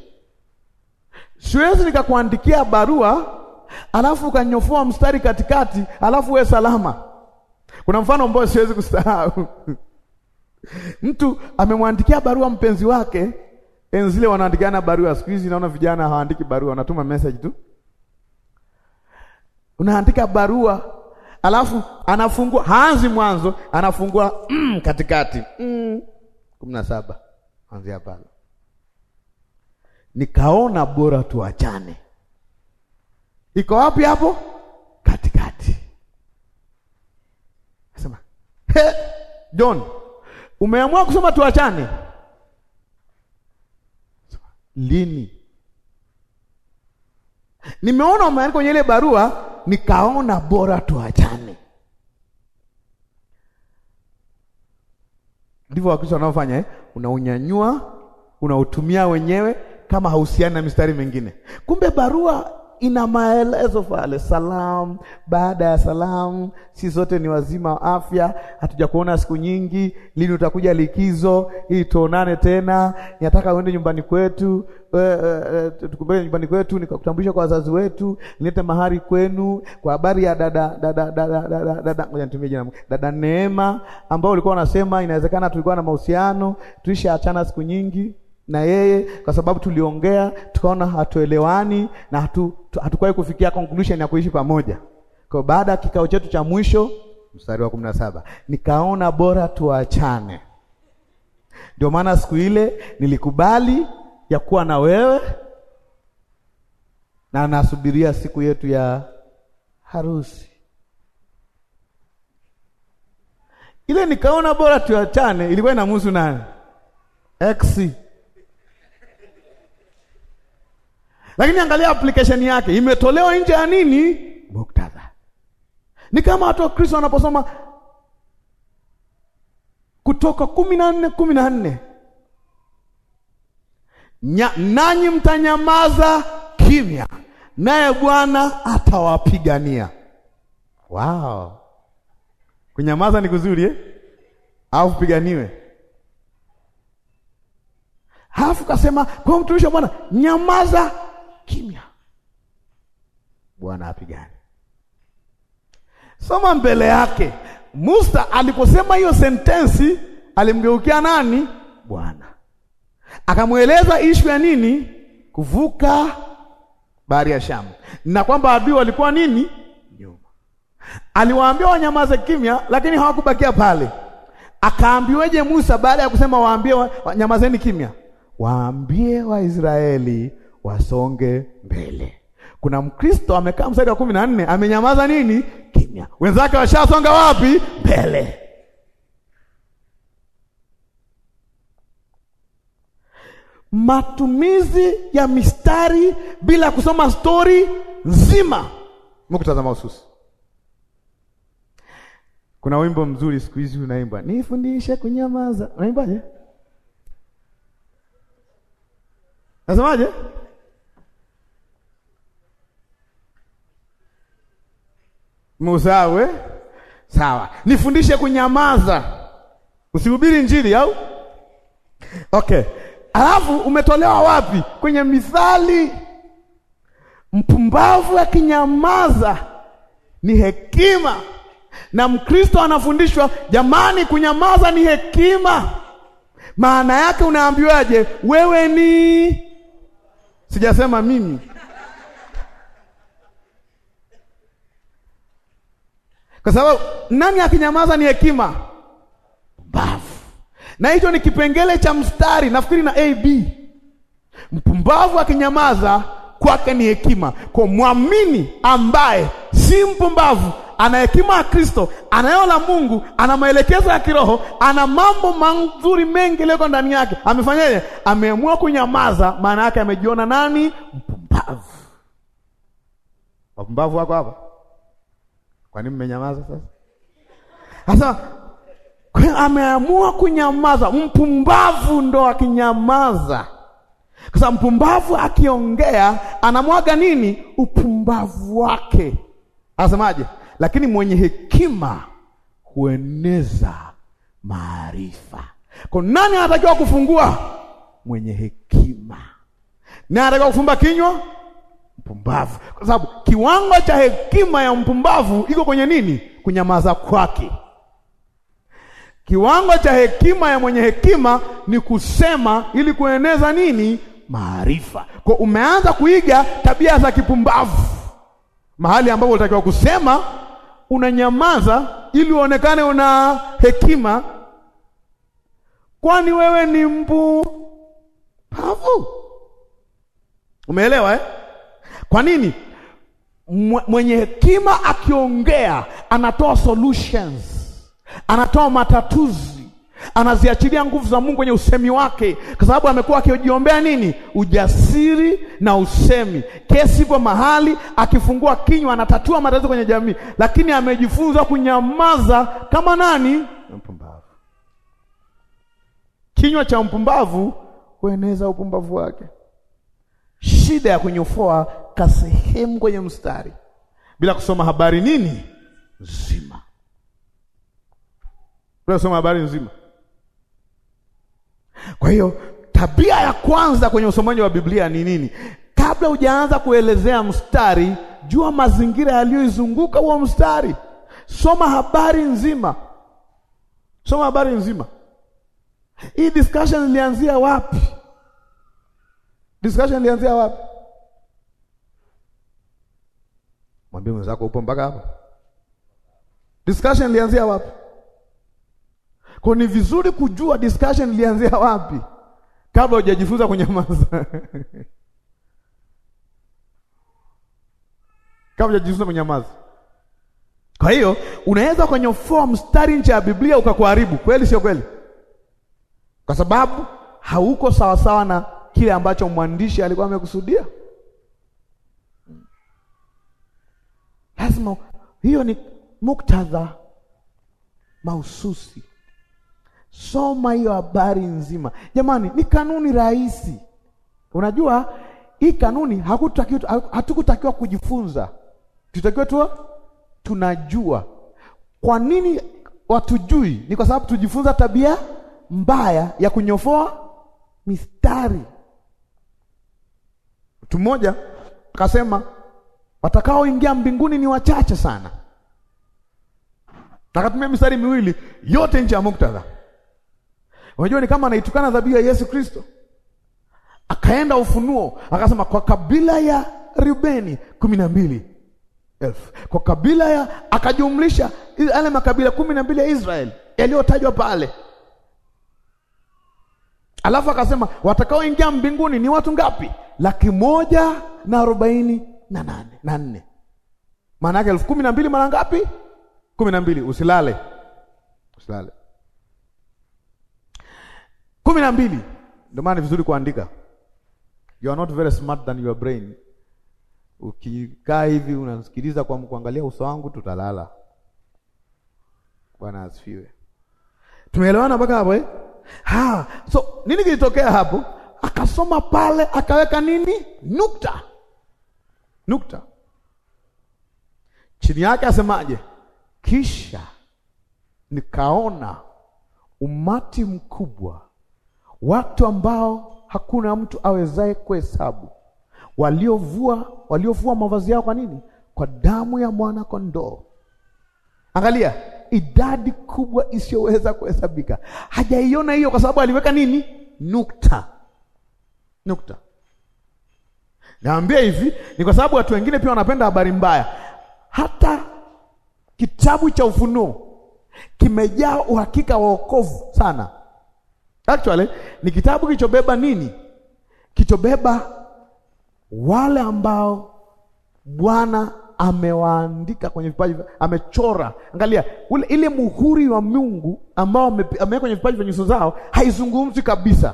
Siwezi nikakuandikia barua alafu ukanyofoa mstari katikati, alafu we salama. Kuna mfano ambao siwezi kusahau mtu amemwandikia barua mpenzi wake. Enzi zile barua, siku hizi naona vijana hawaandiki barua, wanatuma message tu. Unaandika barua alafu anafungua, haanzi mwanzo, anafungua mm, katikati mm, kumi na saba anzia pale. Nikaona bora tuachane. Iko wapi hapo? Katikati. Nasema he, John umeamua kusema tuachane lini? Nimeona umeandika kwenye ile barua nikaona bora tuachane. Ndivyo Wakristo wanaofanya eh? Unaunyanyua, unautumia wenyewe kama hausiani na mistari mingine. Kumbe barua ina maelezo pale, salamu baada ya salamu, si zote ni wazima wa afya, hatuja kuona siku nyingi, lini utakuja likizo ili tuonane tena, nataka uende nyumbani kwetu, e, e, tukumbele nyumbani kwetu, nikakutambulisha kwa wazazi wetu, nilete mahari kwenu. Kwa habari ya dada dada dada dada, ngoja nitumie jina, dada Neema, ambao ulikuwa unasema inawezekana tulikuwa na mahusiano, tuishaachana siku nyingi na yeye kwa sababu tuliongea tukaona hatuelewani na hatu, hatukuwahi kufikia conclusion ya kuishi pamoja. Kwa baada ya kikao chetu cha mwisho, mstari wa kumi na saba, nikaona bora tuachane. Ndio maana siku ile nilikubali ya kuwa na wewe na nasubiria siku yetu ya harusi. Ile nikaona bora tuachane ilikuwa inamhusu nani? Exi. Lakini angalia application yake imetolewa nje ya nini? Muktadha. Ni kama watu wa Kristo wanaposoma Kutoka kumi na nne kumi na nne nanyi mtanyamaza kimya, naye Bwana atawapigania. Wow, kunyamaza ni kuzuri eh? au piganiwe? Halafu kasema kwa mtumishi wa Bwana, nyamaza kimya, Bwana apigane. Soma mbele yake. Musa aliposema hiyo sentensi alimgeukia nani? Bwana akamweleza ishu ya nini? Kuvuka bahari ya Shamu, na kwamba adui walikuwa nini nyuma. Aliwaambia wanyamaze kimya, lakini hawakubakia pale. Akaambiweje Musa baada ya kusema waambie wanyamazeni kimya? Waambie Waisraeli wasonge mbele. Kuna Mkristo amekaa mstari wa kumi na nne amenyamaza nini? Kimya. Wenzake washasonga wapi? Mbele. Matumizi ya mistari bila kusoma stori nzima, mkutazama ususi. Kuna wimbo mzuri siku hizi unaimba, nifundishe kunyamaza. Unaimbaje? Nasemaje? muzawe sawa. Nifundishe kunyamaza, usihubiri Injili au okay. Alafu umetolewa wapi? Kwenye Mithali, mpumbavu akinyamaza ni hekima, na Mkristo anafundishwa jamani, kunyamaza ni hekima. Maana yake unaambiwaje? Wewe ni sijasema mimi kwa sababu nani akinyamaza ni hekima mpumbavu, na hicho ni kipengele cha mstari nafikiri na ab. Mpumbavu akinyamaza kwake ni hekima. Kwa mwamini ambaye si mpumbavu, ana hekima ya Kristo, anayo la Mungu, ana maelekezo ya kiroho, ana mambo mazuri mengi yaliyoko ndani yake. Amefanyaje? Ameamua kunyamaza, maana yake amejiona nani? Mpumbavu. Wapumbavu wako hapa kwa nini mmenyamaza sasa? Sasa ameamua kunyamaza. Mpumbavu ndo akinyamaza, kwa sababu mpumbavu akiongea anamwaga nini? Upumbavu wake. Anasemaje? Lakini mwenye hekima hueneza maarifa. Kwa nani anatakiwa kufungua? Mwenye hekima. Nani anatakiwa kufumba kinywa? mpumbavu, kwa sababu kiwango cha hekima ya mpumbavu iko kwenye nini? Kunyamaza kwake. Kiwango cha hekima ya mwenye hekima ni kusema ili kueneza nini? Maarifa. Kwa umeanza kuiga tabia za kipumbavu, mahali ambapo unatakiwa kusema unanyamaza ili uonekane una hekima, kwani wewe ni mpumbavu. Umeelewa eh? Kwa nini? Mwenye hekima akiongea anatoa solutions, anatoa matatuzi, anaziachilia nguvu za Mungu kwenye usemi wake, kwa sababu amekuwa akijiombea nini? Ujasiri na usemi. Kesi ipo mahali, akifungua kinywa anatatua matatizo kwenye jamii, lakini amejifunza kunyamaza kama nani? Mpumbavu. Kinywa cha mpumbavu hueneza upumbavu wake. Shida ya kunyofoa kasehemu kwenye mstari bila kusoma habari nini nzima, bila kusoma habari nzima. Kwa hiyo tabia ya kwanza kwenye usomaji wa Biblia ni nini? Kabla hujaanza kuelezea mstari, jua mazingira yaliyoizunguka huo mstari, soma habari nzima, soma habari nzima. Hii discussion ilianzia wapi? Discussion ilianzia wapi? Mwambie mwenzako upo mpaka hapo. Discussion ilianzia wapi? Kwa ni vizuri kujua discussion ilianzia wapi kabla hujajifunza kunyamaza. kabla hujajifunza kunyamaza. Kwa hiyo unaweza kwenye form mstari nje ya Biblia ukakuharibu, kweli sio kweli? Kwa sababu hauko sawasawa na kile ambacho mwandishi alikuwa amekusudia. lazima hiyo ni muktadha mahususi. Soma hiyo habari nzima jamani, ni kanuni rahisi. Unajua hii kanuni hatukutakiwa kujifunza, tutakiwa tu tunajua. Kwa nini watujui? Ni kwa sababu tujifunza tabia mbaya ya kunyofoa mistari. Mtu mmoja akasema watakaoingia mbinguni ni wachache sana. Nakatumia mistari miwili yote nje ya muktadha. Unajua, ni kama anaitukana dhabihu ya Yesu Kristo, akaenda Ufunuo akasema kwa kabila ya Rubeni kumi na mbili elfu kwa kabila ya, akajumlisha yale makabila kumi na mbili ya Israeli yaliyotajwa pale, alafu akasema watakaoingia mbinguni ni watu ngapi? Laki moja na arobaini na nane na nne, maana yake elfu kumi na mbili mara ngapi? kumi na mbili. Usilale, usilale. kumi na mbili. Ndio maana ni vizuri kuandika, you are not very smart than your brain. Ukikaa hivi unasikiliza kwa kuangalia uso wangu, tutalala. Bwana asifiwe. Tumeelewana mpaka hapo eh? Ha, so nini kilitokea hapo? Akasoma pale akaweka nini? Nukta nukta. Chini yake asemaje? Kisha nikaona umati mkubwa, watu ambao hakuna mtu awezaye kuhesabu, waliovua waliovua mavazi yao. Kwa nini? Kwa damu ya mwana kondoo. Angalia idadi kubwa isiyoweza kuhesabika. Hajaiona hiyo kwa sababu aliweka nini? Nukta, nukta. Naambia hivi ni kwa sababu watu wengine pia wanapenda habari mbaya. Hata kitabu cha Ufunuo kimejaa uhakika wa wokovu sana. Actually ni kitabu kilichobeba nini? Kilichobeba wale ambao Bwana amewaandika kwenye vipaji, amechora. Angalia ule, ile muhuri wa Mungu ambao ameweka kwenye vipaji vya nyuso zao haizungumzi kabisa.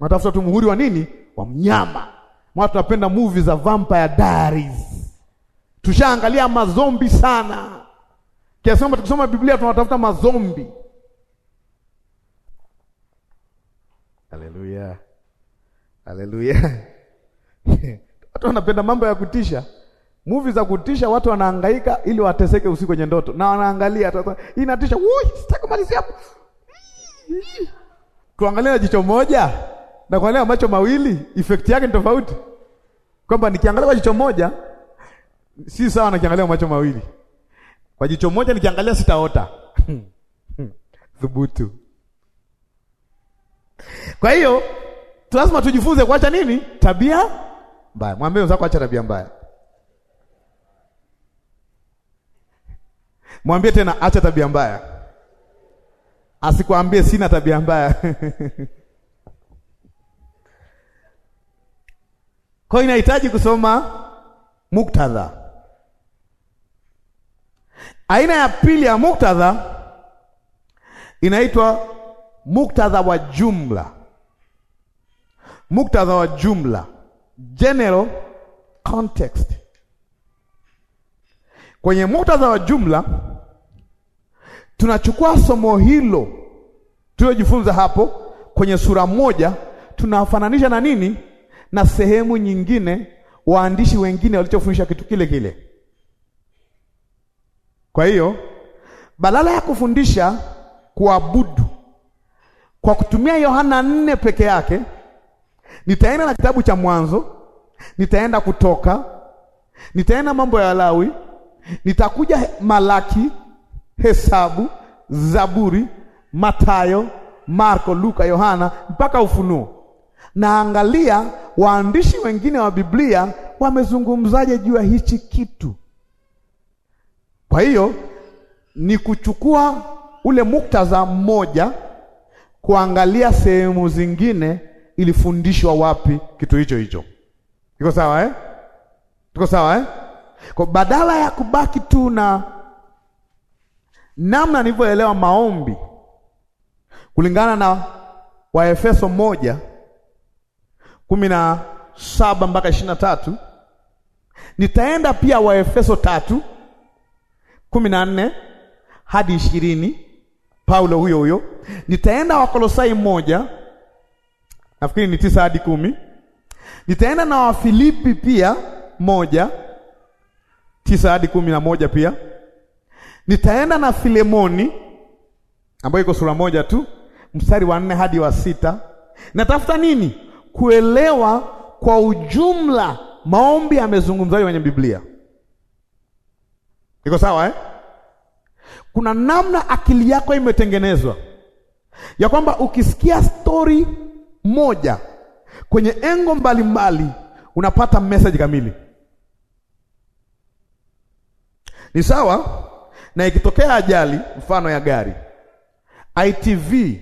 natafuta tu muhuri wa nini? Wa mnyama watu tunapenda movie za Vampire Diaries. Tushaangalia mazombi sana kiasi kwamba tukisoma Biblia tunatafuta mazombi. Haleluya, haleluya! Watu wanapenda mambo ya kutisha, movie za kutisha. Watu wanahangaika ili wateseke usiku kwenye ndoto, na wanaangalia sasa, hii inatisha, hapo, tuangalie na jicho moja na kuangalia macho mawili effect yake ni tofauti, kwamba nikiangalia kwa jicho moja si sawa na kiangalia macho mawili. Kwa jicho moja nikiangalia sitaota. Thubutu. Kwa hiyo lazima tujifunze kuacha nini? Tabia mbaya. Mwambie wenzako acha tabia mbaya. Mwambie tena acha tabia mbaya. Asikwambie sina tabia mbaya. Kwa hiyo inahitaji kusoma muktadha. Aina ya pili ya muktadha inaitwa muktadha wa jumla. Muktadha wa jumla, general context. Kwenye muktadha wa jumla tunachukua somo hilo tuliojifunza hapo kwenye sura moja, tunafananisha na nini? na sehemu nyingine waandishi wengine walichofundisha kitu kile kile. Kwa hiyo badala ya kufundisha kuabudu kwa kutumia Yohana nne peke yake, nitaenda na kitabu cha Mwanzo, nitaenda Kutoka, nitaenda mambo ya Lawi, nitakuja Malaki, Hesabu, Zaburi, Matayo, Marko, Luka, Yohana mpaka Ufunuo naangalia waandishi wengine wa Biblia wamezungumzaje juu ya hichi kitu. Kwa hiyo ni kuchukua ule muktadha mmoja, kuangalia sehemu zingine ilifundishwa wapi kitu hicho hicho. Iko sawa eh? Tuko sawa eh? Kwa badala ya kubaki tu na namna nilivyoelewa maombi kulingana na Waefeso moja kumi na saba mpaka ishirini na tatu nitaenda pia Waefeso tatu kumi na nne hadi ishirini Paulo huyo huyo, nitaenda Wakolosai moja nafikiri ni tisa hadi kumi nitaenda na Wafilipi pia moja tisa hadi kumi na moja pia nitaenda na Filemoni ambayo iko sura moja tu mstari wa nne hadi wa sita natafuta nini? kuelewa kwa ujumla maombi yamezungumzaje kwenye Biblia. Iko sawa eh? Kuna namna akili yako imetengenezwa ya kwamba ukisikia stori moja kwenye engo mbalimbali mbali, unapata message kamili. Ni sawa na ikitokea ajali mfano ya gari, ITV,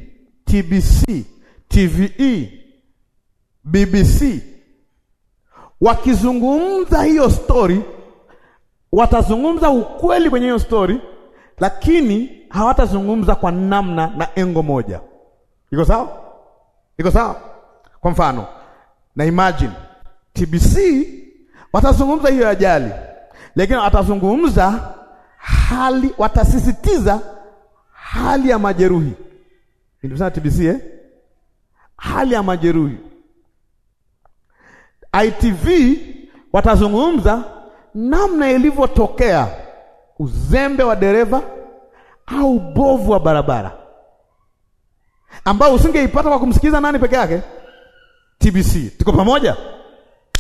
TBC, TVE BBC wakizungumza hiyo stori, watazungumza ukweli kwenye hiyo stori, lakini hawatazungumza kwa namna na engo moja. Iko sawa? Iko sawa? Kwa mfano na imagine TBC watazungumza hiyo ajali, lakini watazungumza hali, watasisitiza hali ya majeruhi. Ndio TBC eh? hali ya majeruhi ITV watazungumza namna ilivyotokea uzembe wa dereva au ubovu wa barabara ambao usingeipata kwa kumsikiza nani peke yake? TBC. Tuko pamoja?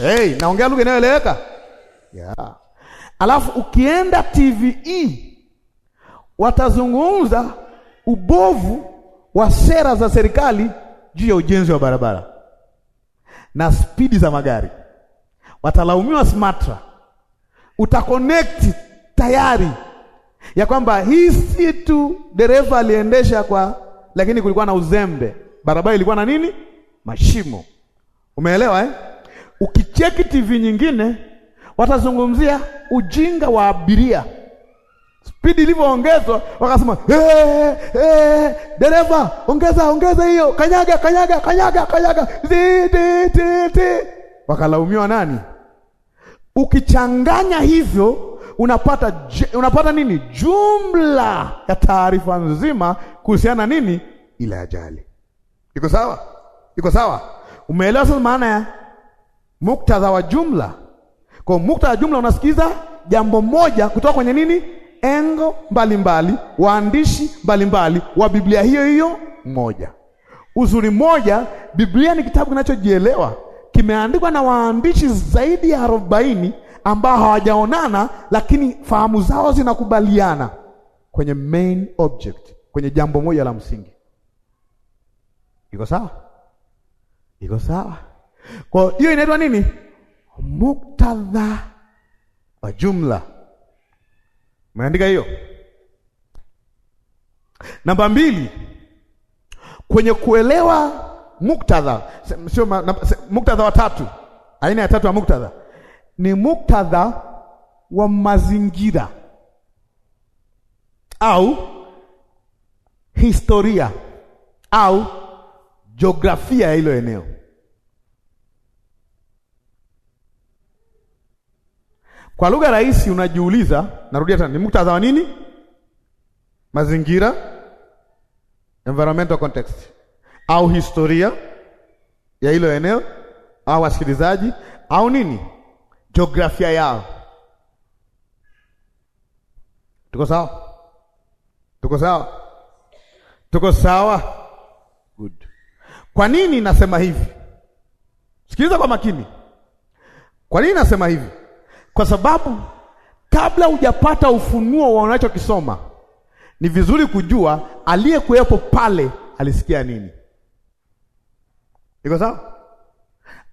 Hey, naongea lugha inayoeleweka yeah. Alafu ukienda TVE watazungumza ubovu wa sera za serikali juu ya ujenzi wa barabara na spidi za magari, watalaumiwa smatra Utakonekti tayari ya kwamba hii si tu dereva aliendesha kwa, lakini kulikuwa na uzembe, barabara ilikuwa na nini, mashimo. Umeelewa eh? Ukicheki TV nyingine watazungumzia ujinga wa abiria spidi ilivyoongezwa, wakasema eh, eh, eh, dereva, ongeza ongeza hiyo, kanyaga kanyaga kanyaga kanyaga, wakalaumiwa nani? Ukichanganya hivyo unapata unapata nini? Jumla ya taarifa nzima kuhusiana nini ile ajali. Iko sawa? Iko sawa? Umeelewa sasa maana ya muktadha wa jumla? Kwa muktadha wa jumla unasikiza jambo moja kutoka kwenye nini? engo mbalimbali waandishi mbalimbali wa Biblia hiyo hiyo moja. Uzuri moja, Biblia ni kitabu kinachojielewa, kimeandikwa na waandishi zaidi ya arobaini ambao hawajaonana, lakini fahamu zao zinakubaliana kwenye main object, kwenye jambo moja la msingi. Iko sawa? Iko sawa. Kwa hiyo inaitwa nini? Muktadha wa jumla. Umeandika hiyo? Namba mbili, kwenye kuelewa muktadha, sio muktadha wa tatu, aina ya tatu ya muktadha ni muktadha wa mazingira au historia au jiografia ya hilo eneo. Kwa lugha rahisi unajiuliza, narudia tena, ni muktadha wa nini? Mazingira, environmental context, au historia ya hilo eneo, au wasikilizaji, au nini, jiografia yao. Tuko sawa? Tuko sawa? Tuko sawa? Good. Kwa nini nasema hivi? Sikiliza kwa makini. Kwa nini nasema hivi? Kwa sababu kabla hujapata ufunuo wa unachokisoma, ni vizuri kujua aliyekuwepo pale alisikia nini. Iko sawa?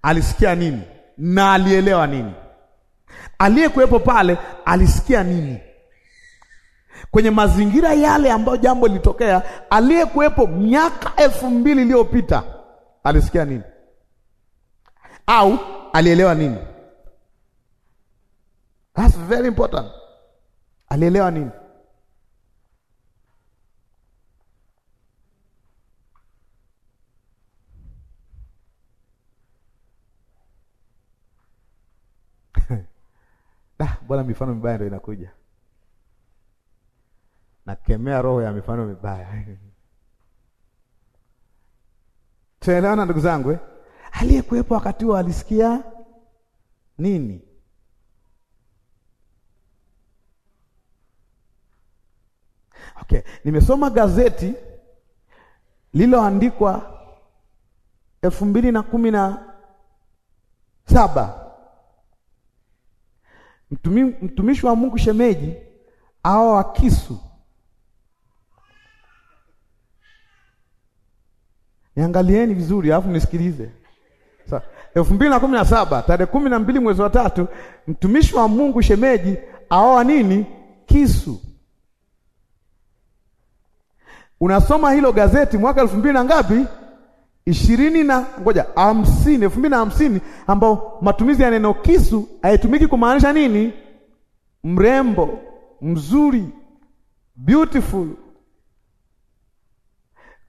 Alisikia nini na alielewa nini? Aliyekuwepo pale alisikia nini kwenye mazingira yale ambayo jambo lilitokea? Aliyekuwepo miaka elfu mbili iliyopita alisikia nini au alielewa nini? That's very important. Alielewa nini? bwana mifano mibaya ndio inakuja. Nakemea roho ya mifano mibaya. Tuelewana ndugu zangu eh? Aliyekuwepo wakati huo alisikia nini? Okay, nimesoma gazeti lililoandikwa elfu mbili na kumi na saba mtumi, mtumishi wa Mungu shemeji awa kisu Niangalieni vizuri alafu nisikilize. Sasa elfu mbili na kumi na saba tarehe kumi na mbili mwezi wa tatu mtumishi wa Mungu shemeji aoa nini? Kisu unasoma hilo gazeti mwaka elfu mbili na ngapi, ishirini na ngoja hamsini, elfu mbili na hamsini, ambao matumizi ya neno kisu hayatumiki kumaanisha nini, mrembo, mzuri, beautiful.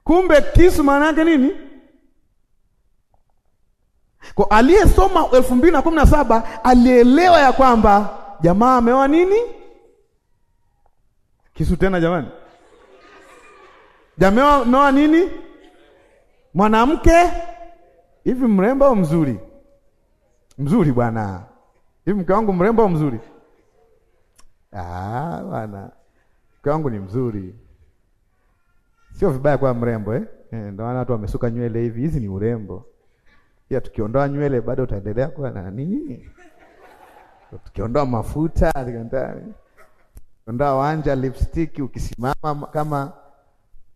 Kumbe kisu maana yake nini? Kwa aliyesoma elfu mbili na kumi na saba alielewa ya kwamba jamaa ameoa nini, kisu tena jamani. Jameoa nini? Mwanamke hivi mrembo au mzuri? Mzuri bwana. Hivi mke wangu mrembo au mzuri? Ah, bwana. Mke wangu ni mzuri. Sio vibaya kwa mrembo eh? Eh, ndio maana watu wamesuka nywele hivi. Hizi ni urembo. Pia tukiondoa nywele bado utaendelea kuwa na nini? Tukiondoa mafuta, tukiondoa wanja lipstick, ukisimama kama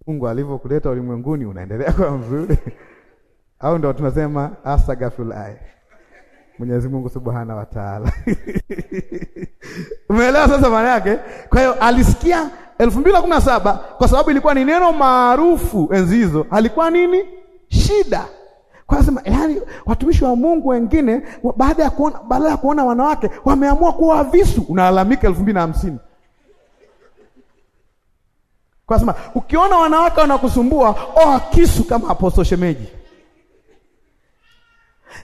Mungu alivyokuleta ulimwenguni unaendelea kuwa mzuri au ndio tunasema astagfirullah. Mwenyezi Mungu Subhana wa Taala. Umeelewa sasa maana yake? Kwa hiyo alisikia 2017 kumi na saba kwa sababu ilikuwa ni neno maarufu enzi hizo, alikuwa nini shida kwa sema, yaani watumishi wa Mungu wengine baada ya kuona badala ya kuona wanawake wameamua kuwa visu, unalalamika elfu mbili na hamsini kwa sema ukiona wanawake wanakusumbua, oa kisu kama aposto Shemeji.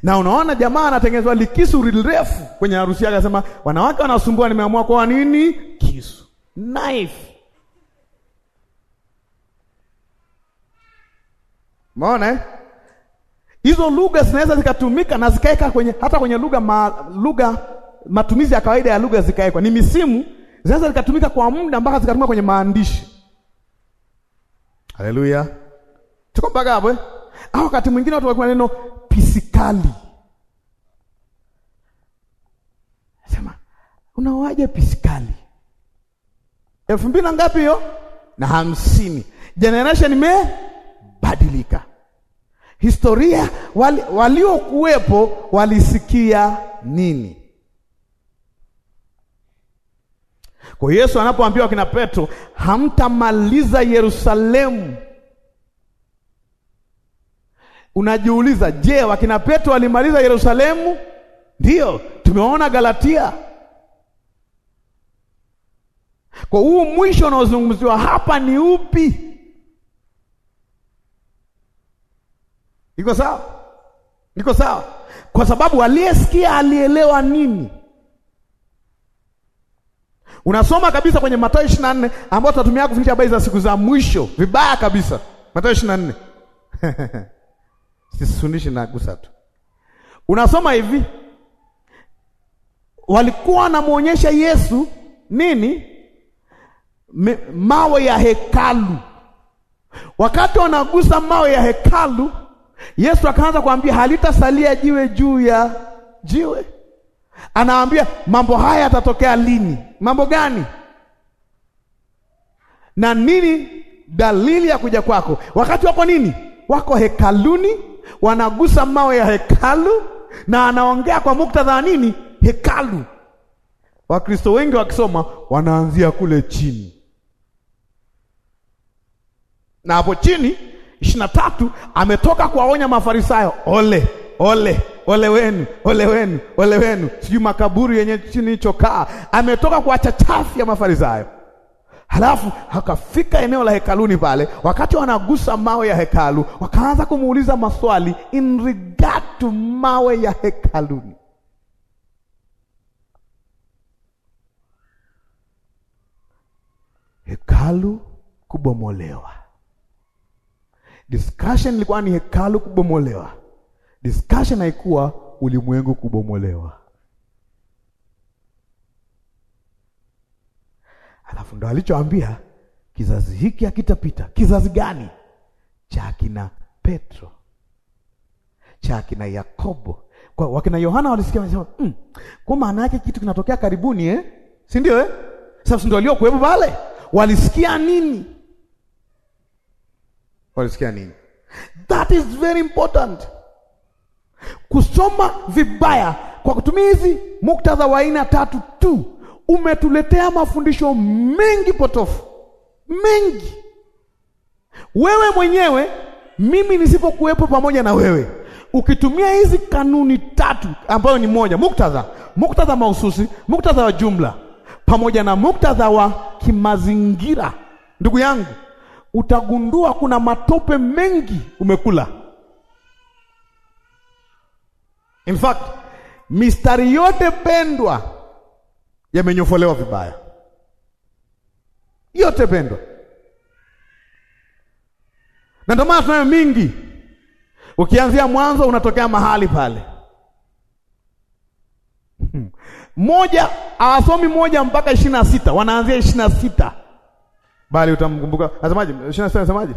Na unaona jamaa anatengenezwa likisu lirefu kwenye harusi yake, akasema wanawake wanasumbua, nimeamua kwa nini kisu knife. Maona eh? hizo lugha zinaweza zikatumika na zikaeka kwenye hata kwenye lugha ma, lugha matumizi ya kawaida ya lugha zikawekwa, ni misimu zinaweza zikatumika kwa muda mpaka zikatumika kwenye maandishi Haleluya, tuko mpaka hapo eh? Au wakati mwingine watu wakiwa neno pisikali, sema unawaje pisikali? elfu mbili na ngapi hiyo na hamsini. Generation imebadilika, historia waliokuwepo wali walisikia nini? Kwa Yesu anapoambiwa kina Petro, hamtamaliza Yerusalemu. Unajiuliza, je, wakina Petro walimaliza Yerusalemu? ndio tumeona Galatia. Kwa huu mwisho unaozungumziwa hapa ni upi? Iko sawa? Niko sawa, kwa sababu aliyesikia alielewa nini? Unasoma kabisa kwenye Mathayo 24 ambao tutatumia kufundisha habari za siku za mwisho vibaya kabisa. Mathayo 24. Sisifundishi na gusa tu. Unasoma hivi walikuwa wanamwonyesha Yesu nini? Me, mawe ya hekalu. Wakati wanagusa mawe ya hekalu, Yesu akaanza kuambia halitasalia jiwe juu ya jiwe. Anaambia mambo haya yatatokea lini? mambo gani na nini dalili ya kuja kwako? Wakati wako nini? Wako hekaluni, wanagusa mawe ya hekalu, na anaongea kwa muktadha wa nini? Hekalu. Wakristo wengi wakisoma wanaanzia kule chini, na hapo chini ishirini na tatu ametoka kuwaonya Mafarisayo, ole ole ole wenu ole wenu ole wenu, sijui makaburi yenye chini chokaa. Ametoka kuacha chafu ya Mafarisayo, halafu akafika eneo la hekaluni pale. Wakati wanagusa mawe ya hekalu, wakaanza kumuuliza maswali in regard to mawe ya hekaluni. Hekalu kubomolewa, discussion ilikuwa ni hekalu kubomolewa Discussion haikuwa ulimwengu kubomolewa. Alafu ndo alichoambia kizazi hiki hakitapita. Kizazi gani? Cha kina Petro, cha kina Yakobo. Kwa wakina Yohana walisikia wanasema, mm, kwa maana yake kitu kinatokea karibuni eh? Si ndio eh? Sasa ndio waliokuwepo pale walisikia nini? Walisikia nini? That is very important. Kusoma vibaya kwa kutumia hizi muktadha wa aina tatu tu umetuletea mafundisho mengi potofu, mengi. Wewe mwenyewe, mimi nisipokuwepo pamoja na wewe, ukitumia hizi kanuni tatu, ambayo ni moja, muktadha, muktadha mahususi, muktadha wa jumla, pamoja na muktadha wa kimazingira, ndugu yangu, utagundua kuna matope mengi umekula. In fact, mistari yote pendwa yamenyofolewa vibaya, yote pendwa, na ndio maana tunayo mingi. Ukianzia mwanzo unatokea mahali pale hmm. moja awasomi moja mpaka ishirini na sita wanaanzia ishirini na sita bali utamkumbuka. Nasemaje? ishirini na sita nasemaje?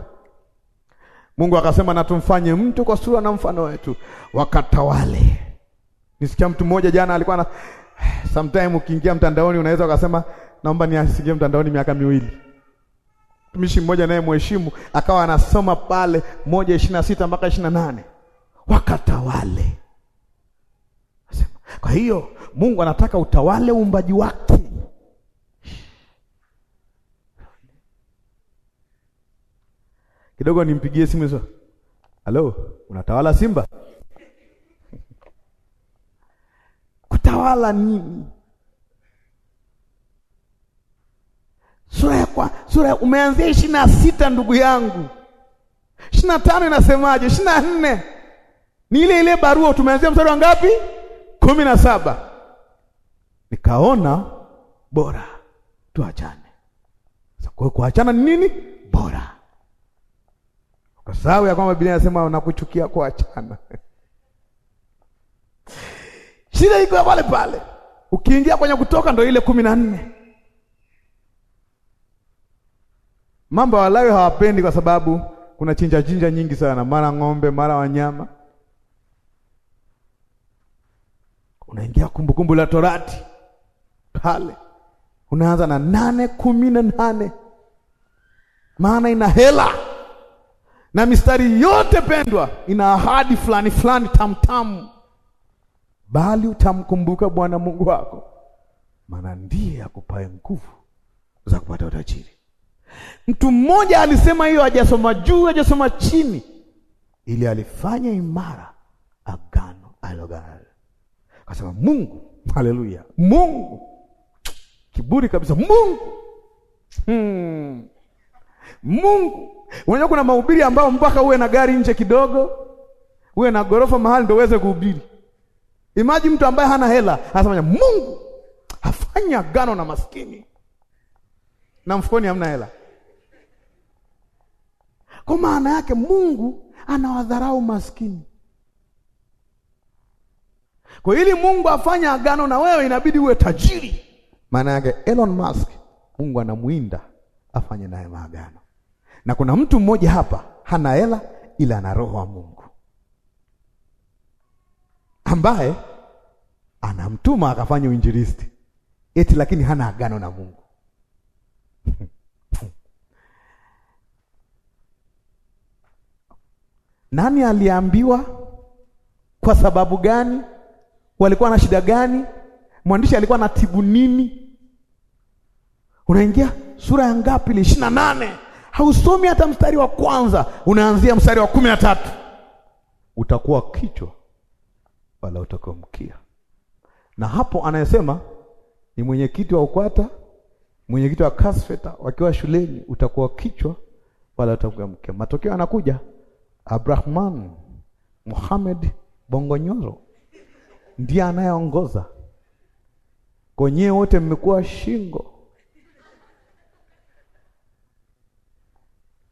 Mungu akasema na tumfanye mtu kwa sura na mfano wetu, wakatawale. Nisikia mtu mmoja jana alikuwa na sometime, ukiingia mtandaoni unaweza ukasema naomba niasingie mtandaoni miaka miwili. Mtumishi mmoja naye mheshimu akawa anasoma pale moja ishirini na sita mpaka ishirini na nane wakatawale. Kwa hiyo Mungu anataka utawale uumbaji wake kidogo nimpigie simu hizo. Halo, unatawala Simba? Kutawala nini? Sura ya kwa sura umeanzia ishirini na sita ndugu yangu, ishirini na tano inasemaje? ishirini na nne ni ile ile barua. Tumeanzia mstari wa ngapi? kumi na saba. Nikaona bora tuachane. Sasa kwa kuachana ni nini? Bora kwa sababu ya kwamba Biblia inasema nakuchukia kuachana. shida iko pale pale, ukiingia kwenye Kutoka ndo ile kumi na nne mambo Walawi hawapendi kwa sababu kuna chinja chinja nyingi sana, mara ng'ombe, mara wanyama. Unaingia Kumbukumbu la Torati pale unaanza na nane kumi na nane maana ina hela na mistari yote pendwa, ina ahadi fulani fulani tamtamu, bali utamkumbuka Bwana Mungu wako, maana ndiye akupaye nguvu za kupata utajiri. Mtu mmoja alisema hiyo, hajasoma juu, hajasoma chini, ili alifanya imara agano alogana, akasema Mungu, haleluya, Mungu kiburi kabisa, Mungu hmm. Mungu Unajua kuna mahubiri ambayo mpaka uwe na gari nje kidogo, uwe na gorofa mahali ndio uweze kuhubiri. Imagine mtu ambaye hana hela, anasema Mungu afanye agano na maskini. Na mfukoni hamna hela. Kwa maana yake Mungu anawadharau maskini. Kwa ili Mungu afanye agano na wewe inabidi uwe tajiri. Maana yake Elon Musk Mungu anamuinda afanye naye maagano na kuna mtu mmoja hapa hana hela, ila ana roho wa Mungu ambaye anamtuma akafanya uinjilisti eti, lakini hana agano na Mungu Nani aliambiwa? Kwa sababu gani? Walikuwa na shida gani? Mwandishi alikuwa na tibu nini? Unaingia sura ya ngapi? Ile ishirini na nane hausomi hata mstari wa kwanza, unaanzia mstari wa kumi na tatu. Utakuwa kichwa wala utakuwa mkia. Na hapo anayesema ni mwenyekiti wa UKWATA, mwenyekiti wa KASFETA wakiwa shuleni, utakuwa kichwa wala utakuwa mkia. Matokeo anakuja Abrahman Muhammad Bongonyoro ndiye anayeongoza, kwenyewe wote mmekuwa shingo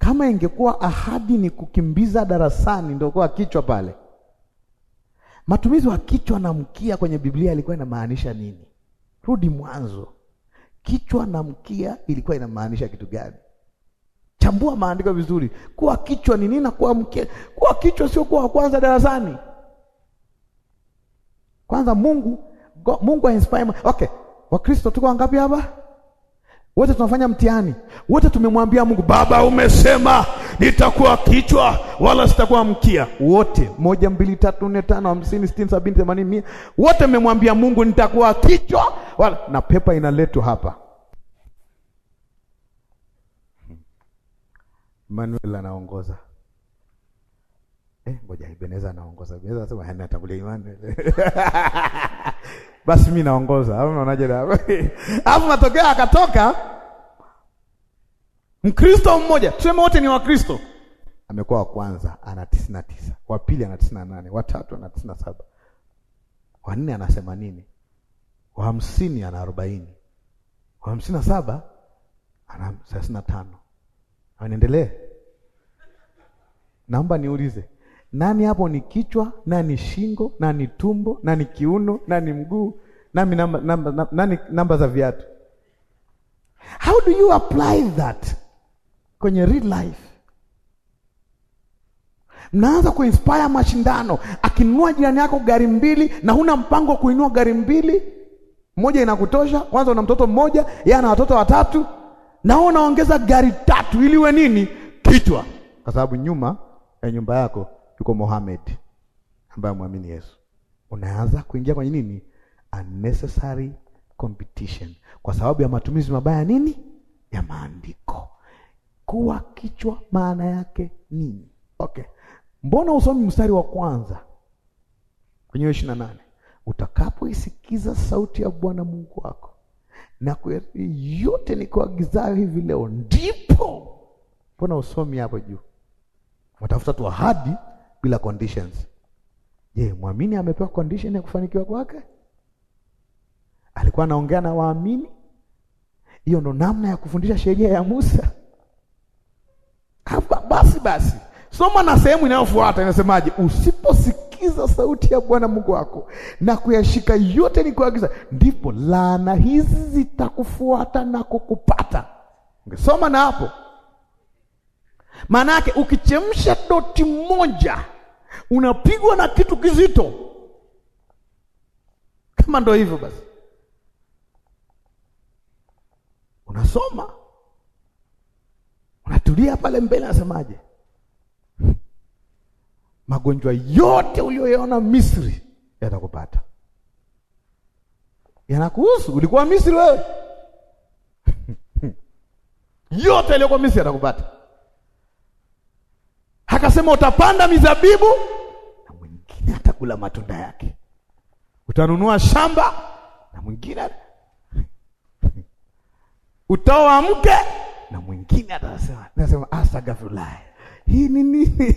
Kama ingekuwa ahadi ni kukimbiza darasani, ndio kwa kichwa pale. Matumizi wa kichwa na mkia kwenye Biblia ilikuwa inamaanisha nini? Rudi mwanzo, kichwa na mkia ilikuwa inamaanisha kitu gani? Chambua maandiko vizuri. Kuwa kichwa ni nini na kuwa mkia? Kuwa kichwa sio kuwa wa kwanza darasani. Kwanza Mungu, Mungu ainspire. Okay, Wakristo tuko wangapi hapa? wote tunafanya mtihani, wote tumemwambia Mungu Baba, umesema nitakuwa kichwa wala sitakuwa mkia. Wote moja, mbili, tatu, nne, tano, hamsini, sitini, sabini, themanini, mia, wote mmemwambia Mungu nitakuwa kichwa wala, na pepa inaletwa hapa. Manuel anaongoza eh, ngoja Ibeneza anaongoza. Ibeneza anasema hana tangulia Imanuel basi mimi naongoza au unaonaje? Alafu matokeo akatoka Mkristo mmoja, tuseme wote ni Wakristo, amekuwa wa kwanza ana tisini na tisa, wa pili ana tisini na nane, watatu ana tisini na saba, wa nne ana themanini, wa hamsini ana arobaini, wa hamsini na saba ana thelathini na tano. Anaendelea. Naomba niulize nani hapo ni kichwa, nani shingo, nani tumbo, nani kiuno, nani mguu, nani namba, namba, nani namba za viatu? How do you apply that kwenye real life? Mnaanza kuinspire mashindano. Akinunua jirani yako gari mbili na huna mpango wa kuinua gari mbili, moja inakutosha. Kwanza una mtoto mmoja, yeye ana watoto watatu, na unaongeza gari tatu ili uwe nini? Kichwa, kwa sababu nyuma ya nyumba yako yuko Mohamed ambaye amwamini Yesu. Unaanza kuingia kwenye nini? Unnecessary competition kwa sababu ya matumizi mabaya nini ya maandiko. Kuwa kichwa maana yake nini? Okay, mbona usomi mstari wa kwanza kwenye ishirini na nane utakapoisikiza sauti ya Bwana Mungu wako na kuyatii yote nikuagizayo hivi leo, ndipo. Mbona usomi hapo juu? Watafuta tu ahadi bila conditions. Je, mwamini amepewa condition ya kufanikiwa kwake? Alikuwa anaongea na waamini? Hiyo ndo namna ya kufundisha sheria ya Musa. Hapa basi basi, soma na sehemu inayofuata inasemaje? Usiposikiza sauti ya Bwana Mungu wako na kuyashika yote ni kuagiza, ndipo laana hizi zitakufuata na kukupata. Soma na hapo, maana yake ukichemsha doti moja unapigwa na kitu kizito. Kama ndo hivyo basi, unasoma unatulia pale mbele, anasemaje? Magonjwa yote uliyoyaona Misri yatakupata, yanakuhusu. Ulikuwa Misri wewe yote yaliyokuwa Misri yatakupata. Akasema utapanda mizabibu na mwingine atakula matunda yake, utanunua shamba na mwingine utaoa mke na mwingine atasema, nasema astaghfirullah, ah, hii ni nini?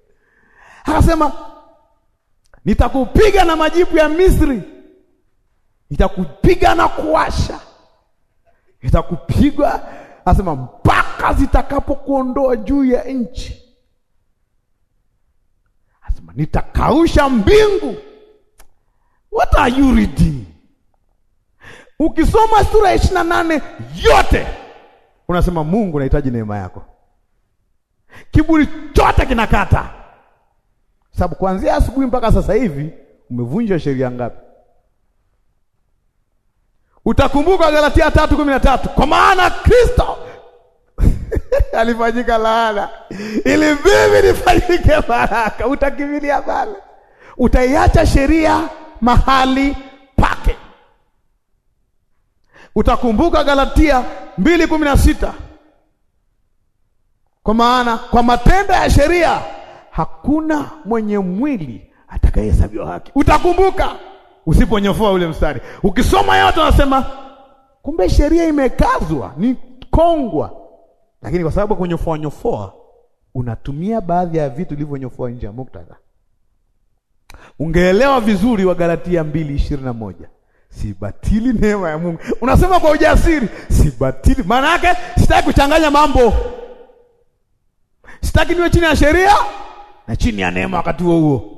Akasema nitakupiga na majipu ya Misri, nitakupiga na kuwasha, nitakupiga asema mpaka zitakapokuondoa juu ya nchi Anasema nitakausha mbingu. What are you reading? Ukisoma sura ya ishirini na nane yote unasema Mungu nahitaji neema yako, kiburi chote kinakata, sababu kuanzia asubuhi mpaka sasa hivi umevunja sheria ngapi? Utakumbuka Galatia tatu kumi na tatu, kwa maana Kristo alifanyika laana ili mimi nifanyike baraka. Utakimbilia pale, utaiacha sheria mahali pake. Utakumbuka Galatia mbili kumi na sita kwa maana kwa matendo ya sheria hakuna mwenye mwili atakayehesabiwa haki. Utakumbuka usiponyofoa ule mstari, ukisoma yote unasema kumbe sheria imekazwa, ni kongwa lakini kwa sababu kunyofoa nyofoa, unatumia baadhi ya vitu ulivyonyofoa nje ya muktadha. Ungeelewa vizuri wa Galatia mbili ishirini na moja sibatili neema ya Mungu. Unasema kwa ujasiri, sibatili. Maana yake sitaki kuchanganya mambo, sitaki niwe chini ya sheria na chini ya neema wakati huo huo.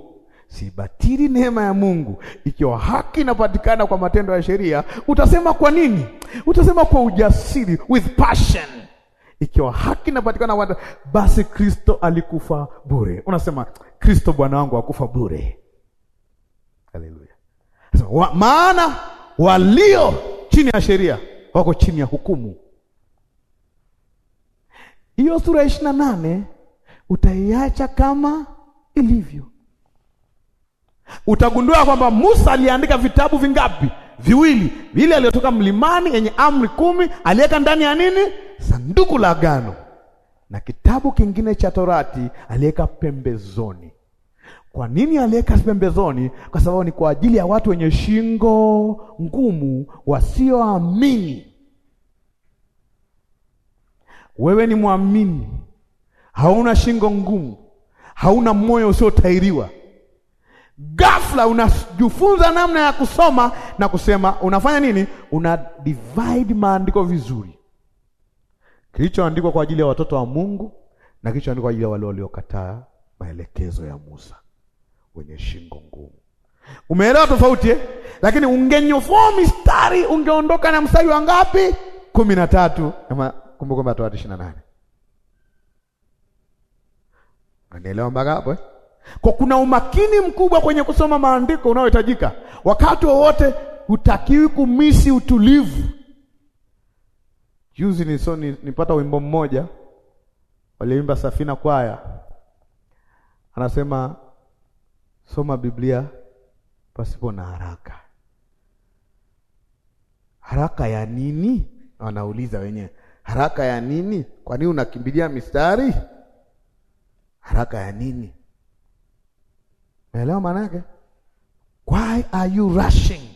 Sibatili neema ya Mungu. Ikiwa haki inapatikana kwa matendo ya sheria, utasema kwa nini? Utasema kwa ujasiri, with passion ikiwa haki inapatikana watu, basi Kristo alikufa bure. Unasema Kristo Bwana wangu hakufa bure. Haleluya! Wa, maana walio chini ya sheria wako chini ya hukumu. Hiyo sura ishirini na nane utaiacha kama ilivyo. Utagundua kwamba Musa aliandika vitabu vingapi? Viwili, vile aliyotoka mlimani yenye amri kumi aliweka ndani ya nini sanduku la agano na kitabu kingine cha Torati aliweka pembezoni. Kwa nini aliweka pembezoni? Kwa sababu ni kwa ajili ya watu wenye shingo ngumu wasioamini. Wewe ni mwamini, hauna shingo ngumu, hauna moyo usiotairiwa. Ghafla unajifunza namna ya kusoma na kusema, unafanya nini? Una divide maandiko vizuri kilichoandikwa kwa ajili ya watoto wa Mungu na kilichoandikwa kwa ajili ya wale waliokataa maelekezo ya Musa, wenye shingo ngumu. Umeelewa tofauti eh? Lakini ungenyofoa mistari, ungeondoka na mstari wa ngapi? kumi na tatu ama Kumbukumbu la Torati ishirini na nane. Anielewa mpaka hapo eh? Kwa kuna umakini mkubwa kwenye kusoma maandiko unaohitajika wakati wowote, hutakiwi kumisi utulivu Juzi niso nipata wimbo mmoja waliimba Safina Kwaya, anasema soma Biblia pasipo na haraka. Haraka ya nini? Wanauliza wenyewe, haraka ya nini? Kwa nini unakimbilia mistari? Haraka ya nini? Naelewa maana yake, why are you rushing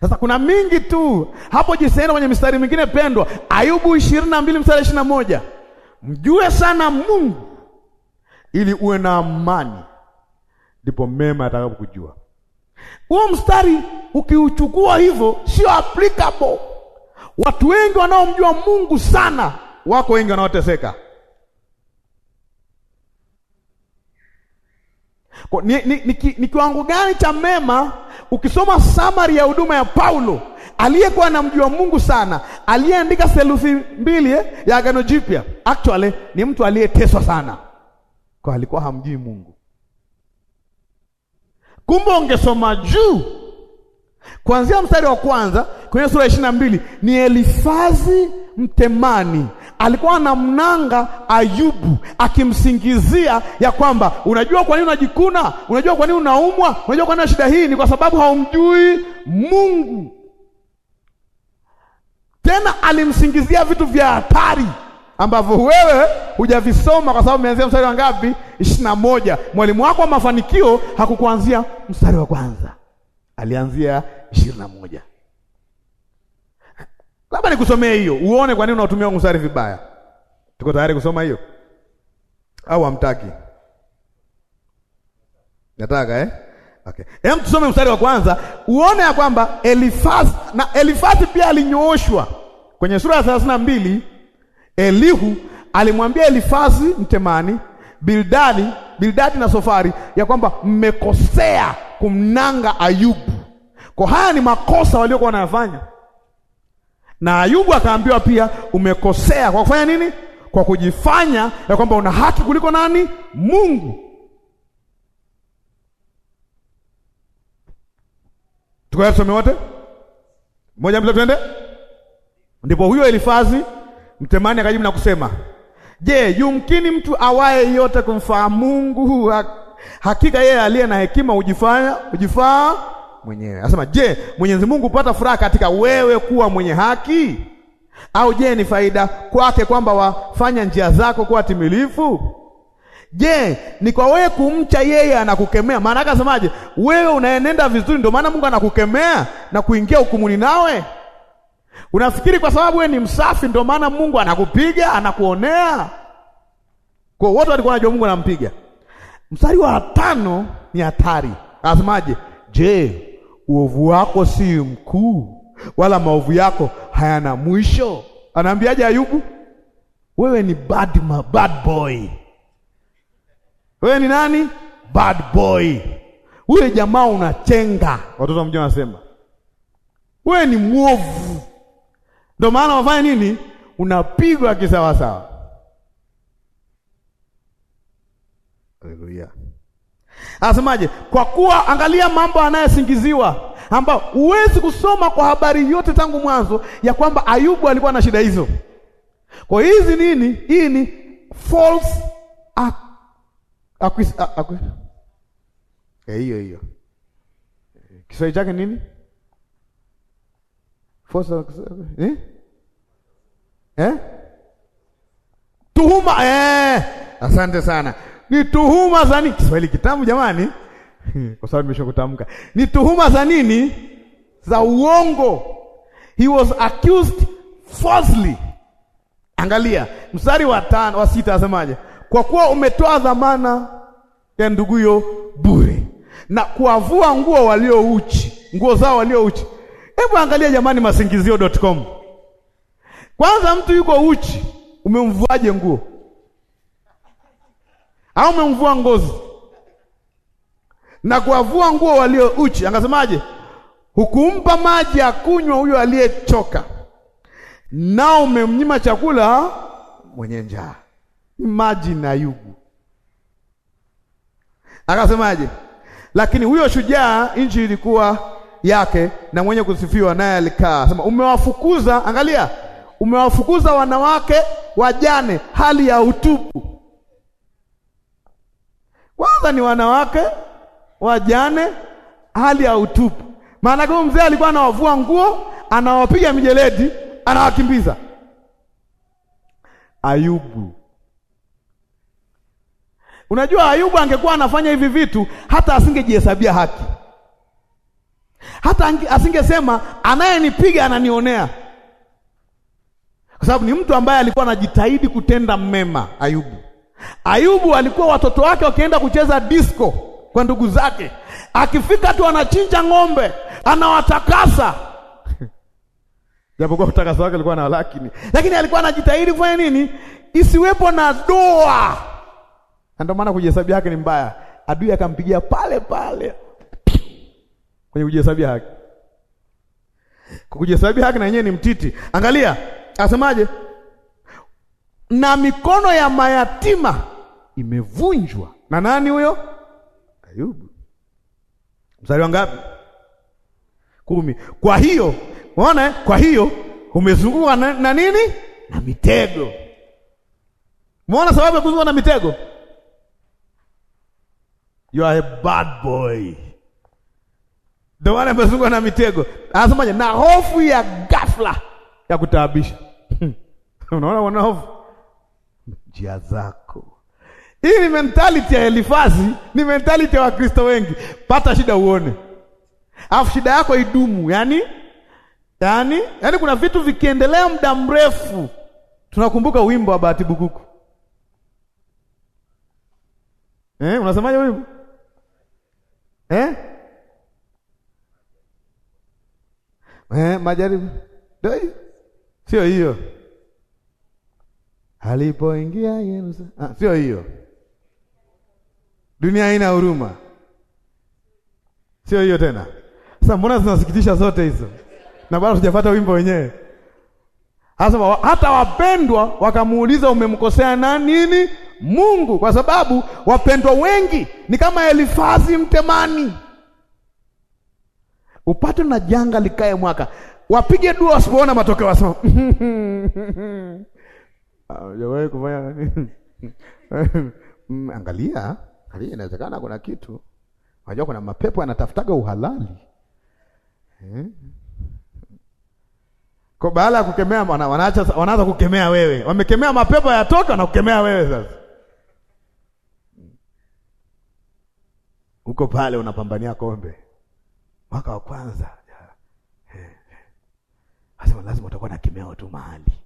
sasa kuna mingi tu hapo jisena kwenye mistari mingine pendwa, Ayubu ishirini na mbili mstari ishirini na moja mjue sana Mungu ili uwe na amani, ndipo mema atakapokujua. Huo mstari ukiuchukua hivyo, sio applicable. Watu wengi wanaomjua Mungu sana wako wengi wanaoteseka. Ni, ni, ni, ni kiwango gani cha mema ukisoma samari ya huduma ya Paulo aliyekuwa anamjua Mungu sana, aliyeandika theluthi mbili eh, ya Agano Jipya, actually ni mtu aliyeteswa sana, kwa alikuwa hamjui Mungu. Kumbe ungesoma juu kuanzia mstari wa kwanza kwenye sura ya ishirini na mbili ni Elifazi Mtemani alikuwa anamnanga Ayubu akimsingizia ya kwamba unajua kwa nini unajikuna, unajua kwa nini unaumwa, unajua kwa nini shida hii, ni kwa sababu haumjui Mungu. Tena alimsingizia vitu vya hatari ambavyo wewe hujavisoma kwa sababu umeanzia mstari wa ngapi? ishirini na moja. Mwalimu wako wa mafanikio hakukuanzia mstari wa kwanza, alianzia ishirini na moja. Labda nikusomee hiyo uone kwa nini unatumia ngusari vibaya. Tuko tayari kusoma hiyo au hamtaki? Nataka eh? Okay. Hem, tusome mstari wa kwanza uone ya kwamba Elifaz na Elifaz pia alinyooshwa kwenye sura ya thelathini na mbili. Elihu alimwambia Elifazi Mtemani, Bildadi, Bildadi na Sofari ya kwamba mmekosea kumnanga Ayubu. Kwa haya ni makosa waliokuwa wanayafanya na Ayubu akaambiwa pia umekosea kwa kufanya nini? Kwa kujifanya ya kwamba una haki kuliko nani? Mungu. Tukae tusome wote moja, mbili, twende. Ndipo huyo Elifazi Mtemani akajibu na kusema, je, yumkini mtu awaye yote kumfahamu Mungu? Hakika yeye aliye na hekima hujifanya hujifaa mwenyewe. Anasema, je, Mwenyezi Mungu hupata furaha katika wewe kuwa mwenye haki? Au je, ni faida kwake kwamba wafanya njia zako kuwa timilifu? Je, ni kwa wewe kumcha yeye anakukemea? Maana akasemaje, wewe unaenenda vizuri, ndio maana Mungu anakukemea na kuingia hukumuni nawe? Unafikiri kwa sababu wewe ni msafi ndio maana Mungu anakupiga anakuonea? Kwa wote walikuwa wanajua Mungu anampiga. Mstari wa tano ni hatari, anasemaje? Je, uovu wako si mkuu, wala maovu yako hayana mwisho. Anaambiaje Ayubu? Wewe ni bad, ma, bad boy. Wewe ni nani? Bad boy. Wewe jamaa unachenga, watoto wa wanasema wewe ni mwovu. Ndio maana wafanye nini? Unapigwa kisawasawa. Haleluya. Anasemaje? Kwa kuwa angalia mambo anayesingiziwa, ambao huwezi kusoma kwa habari yote tangu mwanzo ya kwamba Ayubu alikuwa na shida hizo. Kwa hizi nini? Hii ni false eh, hiyo hiyo, Kiswahili chake nini? Fosa, eh? Eh? Tuhuma eh. Asante sana ni tuhuma za nini? Kiswahili kitamu jamani, kwa sababu kutamka. Ni tuhuma za nini? Za uongo. He was accused falsely. Angalia mstari wa tano, wa sita asemaje? Kwa kuwa umetoa dhamana ya nduguyo bure na kuwavua nguo walio uchi, nguo zao walio uchi. Hebu angalia jamani, masingizio.com. Kwanza mtu yuko uchi, umemvuaje nguo? au umemvua ngozi na kuwavua nguo walio uchi. Angasemaje? hukumpa maji ya kunywa huyo aliyechoka, nao umemnyima chakula mwenye njaa. Maji na yugu. Akasemaje? lakini huyo shujaa, nchi ilikuwa yake na mwenye kusifiwa, naye alikaa. Sema umewafukuza, angalia, umewafukuza wanawake wajane, hali ya utupu kwanza ni wanawake wajane, hali ya utupu. Maana kama mzee alikuwa anawavua nguo, anawapiga mijeledi, anawakimbiza. Ayubu, unajua Ayubu angekuwa anafanya hivi vitu, hata asingejihesabia haki, hata asingesema anayenipiga ananionea, kwa sababu ni mtu ambaye alikuwa anajitahidi kutenda mema. Ayubu Ayubu alikuwa watoto wake wakienda kucheza disco kwa ndugu zake, akifika tu anachinja ng'ombe, anawatakasa japokuwa utakaso wake alikuwa na lakini, lakini alikuwa anajitahidi kufanya nini? Isiwepo na doa. Ndio maana kujihesabia yake ni mbaya. Adui akampigia pale pale kwenye kujihesabia haki. Kujihesabia haki na yenyewe ni mtiti. Angalia, asemaje? na mikono ya mayatima imevunjwa na nani huyo? Ayubu. Mstari wa ngapi? Kumi. Kwa hiyo unaona, kwa hiyo umezungukwa na, na nini? Na mitego. Umeona sababu ya kuzungukwa na mitego? You are a bad boy, ndio maana amezungukwa na mitego. Anasemaje? na hofu ya ghafla ya kutaabisha unaona, wana hofu njia zako. Hii ni mentality ya Elifazi, ni mentality ya Wakristo wengi. Pata shida uone, alafu shida yako idumu. Yani, yani, yani kuna vitu vikiendelea muda mrefu. Tunakumbuka wimbo wa Bahati Bukuku eh, unasemaje wimbo eh? Eh, majaribu doi, sio hiyo Alipoingia Yerusalemu. Ah, sio hiyo. Dunia ina huruma, sio hiyo tena. Sasa mbona zinasikitisha zote hizo, na bado hujafuata wimbo wenyewe. Hasa hata wapendwa wakamuuliza umemkosea na nini Mungu, kwa sababu wapendwa wengi ni kama Elifazi Mtemani, upate na janga likae mwaka, wapige dua, wasipoona matokeo wasema mm-hmm. Ah, hujawahi kufanya mm, angalia, angalia, inawezekana kuna kitu. Unajua kuna mapepo yanatafutaga uhalali eh? Kwa baada ya kukemea wanaacha, wanaanza kukemea wewe. Wamekemea mapepo yatoka na kukemea wewe sasa. Uko pale unapambania kombe mwaka wa kwanza, lazima eh, eh. lazima utakuwa na kimeo tu mahali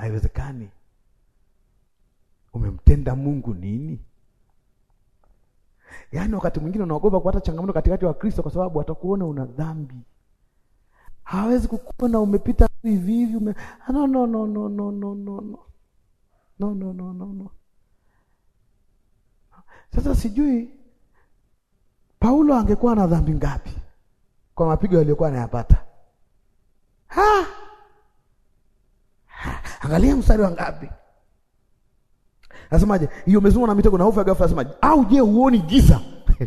haiwezekani. Umemtenda Mungu nini? Yaani wakati mwingine unaogopa kupata changamoto katikati wa Kristo kwa sababu atakuona una dhambi. Hawezi kukuona umepita hivi hivi ume... Ah, no, no, no, no, no, no, no, no. No, no, no, no, Sasa sijui Paulo angekuwa na dhambi ngapi kwa mapigo aliyokuwa anayapata. Ha! Angalia mstari wa ngapi, nasemaje? Hiyo umezungwa na mitego na hofu ya ghafla, nasema Au je, huoni giza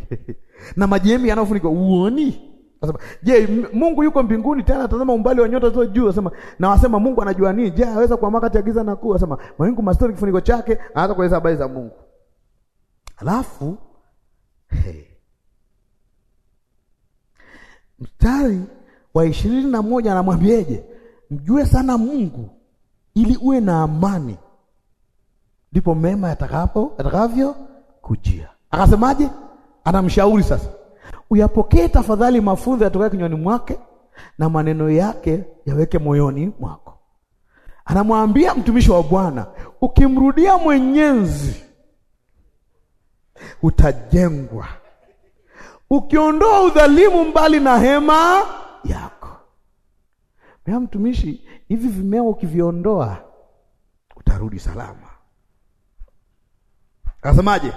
na majemi yanayofunika huoni? Nasema je, Mungu yuko mbinguni? Tena atazama umbali wa nyota zote juu. Nasema na wasema Mungu anajua nini? Je, aweza kuamua kati ya giza na kuu? Nasema mawingu mazito kifuniko chake, anaweza kueleza habari za Mungu. Alafu hey. Mstari wa ishirini na moja anamwambieje? Mjue sana Mungu ili uwe na amani, ndipo mema yatakapo yatakavyo kujia. Akasemaje? Anamshauri sasa, uyapokee tafadhali mafunzo yatokayo kinywani mwake na maneno yake yaweke moyoni mwako. Anamwambia mtumishi wa Bwana, ukimrudia mwenyenzi utajengwa, ukiondoa udhalimu mbali na hema yako ya mtumishi, hivi vimeo ukiviondoa utarudi salama. Anasemaje?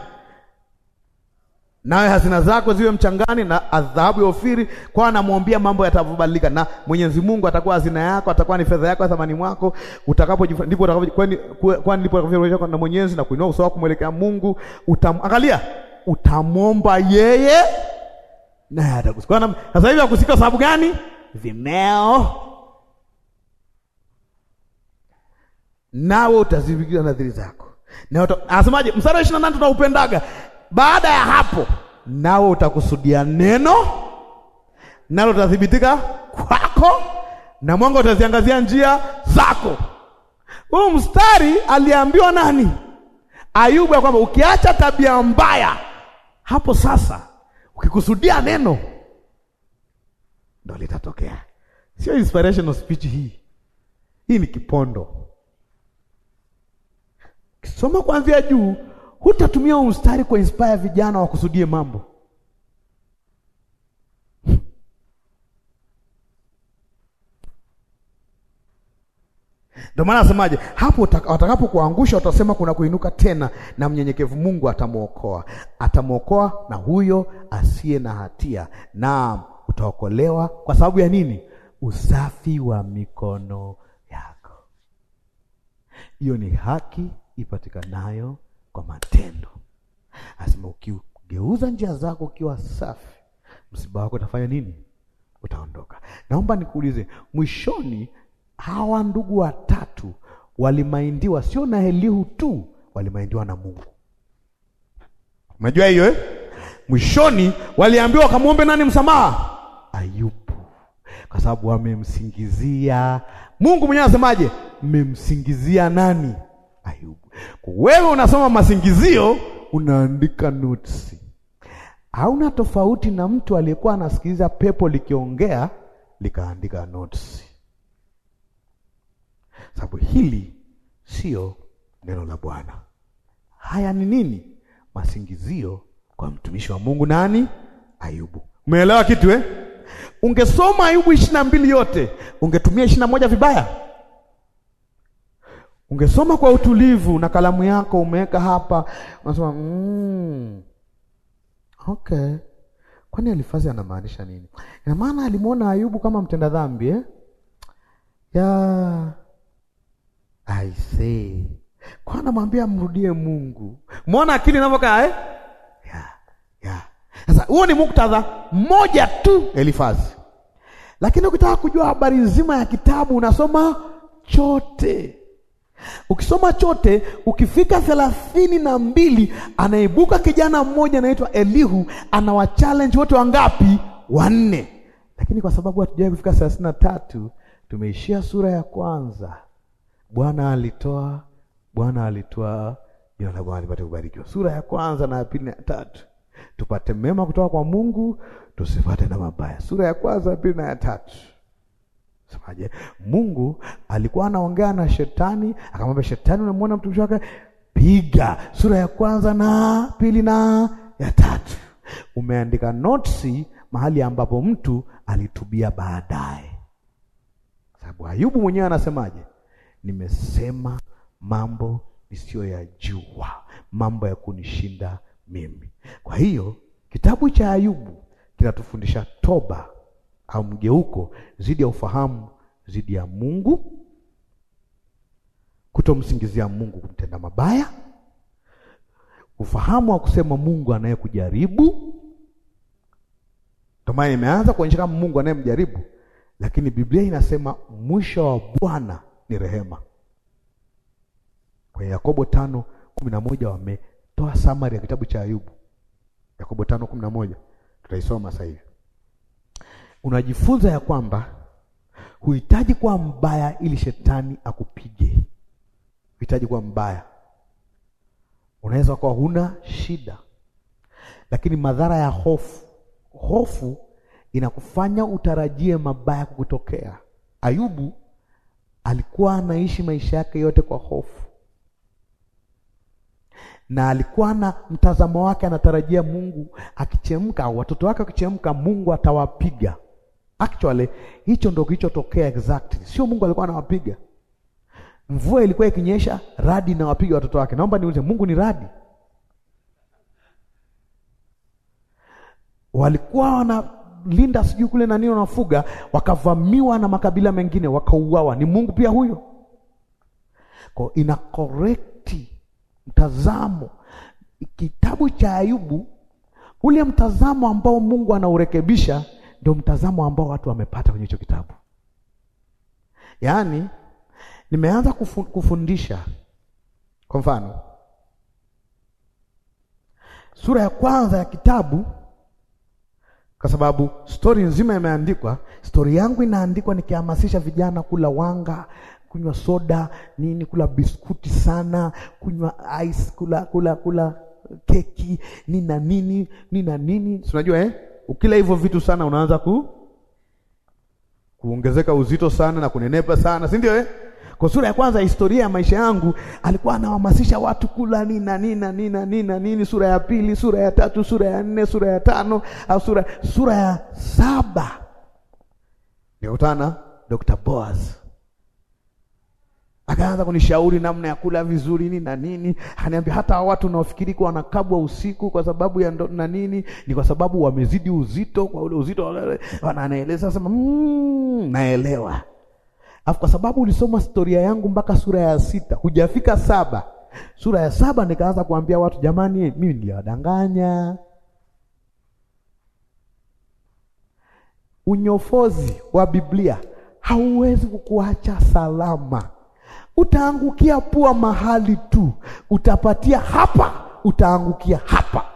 Nawe hazina zako ziwe mchangani na adhabu ya Ofiri, kwa anamwambia mambo yatavyobadilika, na Mwenyezi Mungu atakuwa hazina yako, atakuwa ni fedha yako, thamani mwako utakapo ndipo utakapokwani kwani ndipo utakapo na Mwenyezi na kuinua uso wako kumwelekea Mungu, utamwangalia, utamwomba yeye naye atakusikia. Sasa hivi akusika sababu gani? Vimeo nawe utazipigiza nadhiri zako. Na anasemaje? Mstari wa 28 tunaupendaga. Baada ya hapo, nawe utakusudia neno nalo utathibitika kwako, na mwanga utaziangazia njia zako. Huu mstari aliambiwa nani? Ayubu, ya kwamba ukiacha tabia mbaya hapo sasa, ukikusudia neno ndo litatokea. Sio inspirational speech hii, hii ni kipondo. Kisoma kuanzia juu, hutatumia mstari mstari inspire vijana wakusudie mambo. Ndio maana asemaje hapo, watakapokuangusha watasema kuna kuinuka tena, na mnyenyekevu Mungu atamwokoa, atamwokoa na huyo asiye na hatia, na utaokolewa kwa sababu ya nini? Usafi wa mikono yako. Hiyo ni haki ipatikanayo kwa matendo. Asema ukigeuza njia zako ukiwa safi, msiba wako utafanya nini? Utaondoka. Naomba nikuulize, mwishoni hawa ndugu watatu walimaindiwa sio na Elihu tu, walimaindiwa na Mungu. Unajua hiyo eh? Mwishoni waliambiwa wakamwombe nani msamaha? Ayubu, kwa sababu wamemsingizia Mungu. Mwenyewe anasemaje? Mmemsingizia nani? Ayubu. Wewe unasoma masingizio, unaandika notes. Hauna tofauti na mtu aliyekuwa anasikiliza pepo likiongea likaandika notes, sababu hili sio neno la Bwana. Haya ni nini? Masingizio kwa mtumishi wa Mungu nani? Ayubu. Umeelewa kitu eh? Ungesoma Ayubu ishirini na mbili yote, ungetumia ishirini na moja vibaya. Ungesoma kwa utulivu na kalamu yako umeweka hapa, unasema mm, okay, kwani Elifazi anamaanisha nini? Ina maana alimwona Ayubu kama mtenda dhambi eh? ya I see, kwa anamwambia mrudie Mungu. Mwona akili inavyokaa eh? yeah, yeah. Sasa huo ni muktadha mmoja tu Elifazi, lakini ukitaka kujua habari nzima ya kitabu unasoma chote Ukisoma chote ukifika thelathini na mbili anaibuka kijana mmoja anaitwa Elihu, anawachallenge wote wangapi? Wanne. Lakini kwa sababu hatujawahi kufika thelathini na tatu tumeishia sura ya kwanza. Bwana alitoa, Bwana alitoa, jina la Bwana lipate kubarikiwa. Sura ya kwanza na ya pili na ya tatu, tupate mema kutoka kwa Mungu, tusipate na mabaya. Sura ya kwanza, ya pili na ya tatu. Semaje? Mungu alikuwa anaongea na shetani, akamwambia shetani, unamwona mtumishi wake, piga. Sura ya kwanza na pili na ya tatu, umeandika notsi mahali ambapo mtu alitubia baadaye, sababu Ayubu mwenyewe anasemaje? Nimesema mambo ya jua mambo ya kunishinda mimi. Kwa hiyo kitabu cha Ayubu kinatufundisha toba au mgeuko zidi ya ufahamu zidi ya Mungu, kutomsingizia Mungu kumtenda mabaya, ufahamu wa kusema Mungu anayekujaribu. Ndio maana imeanza kuonyesha kama Mungu anayemjaribu, lakini Biblia inasema mwisho wa Bwana ni rehema. Kwenye Yakobo tano kumi na moja wametoa samari ya kitabu cha Ayubu. Yakobo tano kumi na moja tutaisoma sasa hivi unajifunza ya kwamba huhitaji kuwa mbaya ili shetani akupige. Huhitaji kuwa mbaya, unaweza kuwa huna shida, lakini madhara ya hofu, hofu inakufanya utarajie mabaya kukutokea. Ayubu alikuwa anaishi maisha yake yote kwa hofu, na alikuwa na mtazamo wake, anatarajia Mungu akichemka, watoto wake wakichemka, Mungu atawapiga Actually hicho ndo kilichotokea exactly. Sio Mungu alikuwa anawapiga, mvua ilikuwa ikinyesha, radi inawapiga watoto wake. Naomba niulize, Mungu ni radi? Walikuwa wanalinda sijui kule nani, wanafuga, wakavamiwa na makabila mengine, wakauawa. Ni Mungu pia huyo? Kwa ina korekti mtazamo kitabu cha Ayubu, ule mtazamo ambao Mungu anaurekebisha ndio mtazamo ambao watu wamepata kwenye hicho kitabu. Yaani nimeanza kufundisha, kwa mfano sura ya kwanza ya kitabu, kwa sababu stori nzima imeandikwa. Stori yangu inaandikwa nikihamasisha vijana kula wanga, kunywa soda, nini, kula biskuti sana, kunywa ice, kula kula kula keki, nina nini nina nini, si unajua eh ukila hivyo vitu sana unaanza ku kuongezeka uzito sana na kunenepa sana, si ndio eh? Kwa sura ya kwanza historia ya maisha yangu alikuwa anawamasisha watu kula nini na nini na nini na nini na nini, sura ya pili, sura ya tatu, sura ya nne, sura ya tano au sura sura ya saba nikutana Dr. Boaz akaanza kunishauri namna ya kula vizuri nini na nini. Akaniambia hata watu naofikiri kuwa wanakabwa usiku kwa sababu ya ndo, na nini ni kwa sababu wamezidi uzito, kwa ule uzito wanaeleza sema mmm, naelewa. Afu kwa sababu ulisoma historia yangu mpaka sura ya sita, hujafika saba. Sura ya saba nikaanza kuambia watu, jamani, mimi niliwadanganya. Unyofozi wa Biblia hauwezi kukuacha salama utaangukia pua mahali tu, utapatia hapa, utaangukia hapa.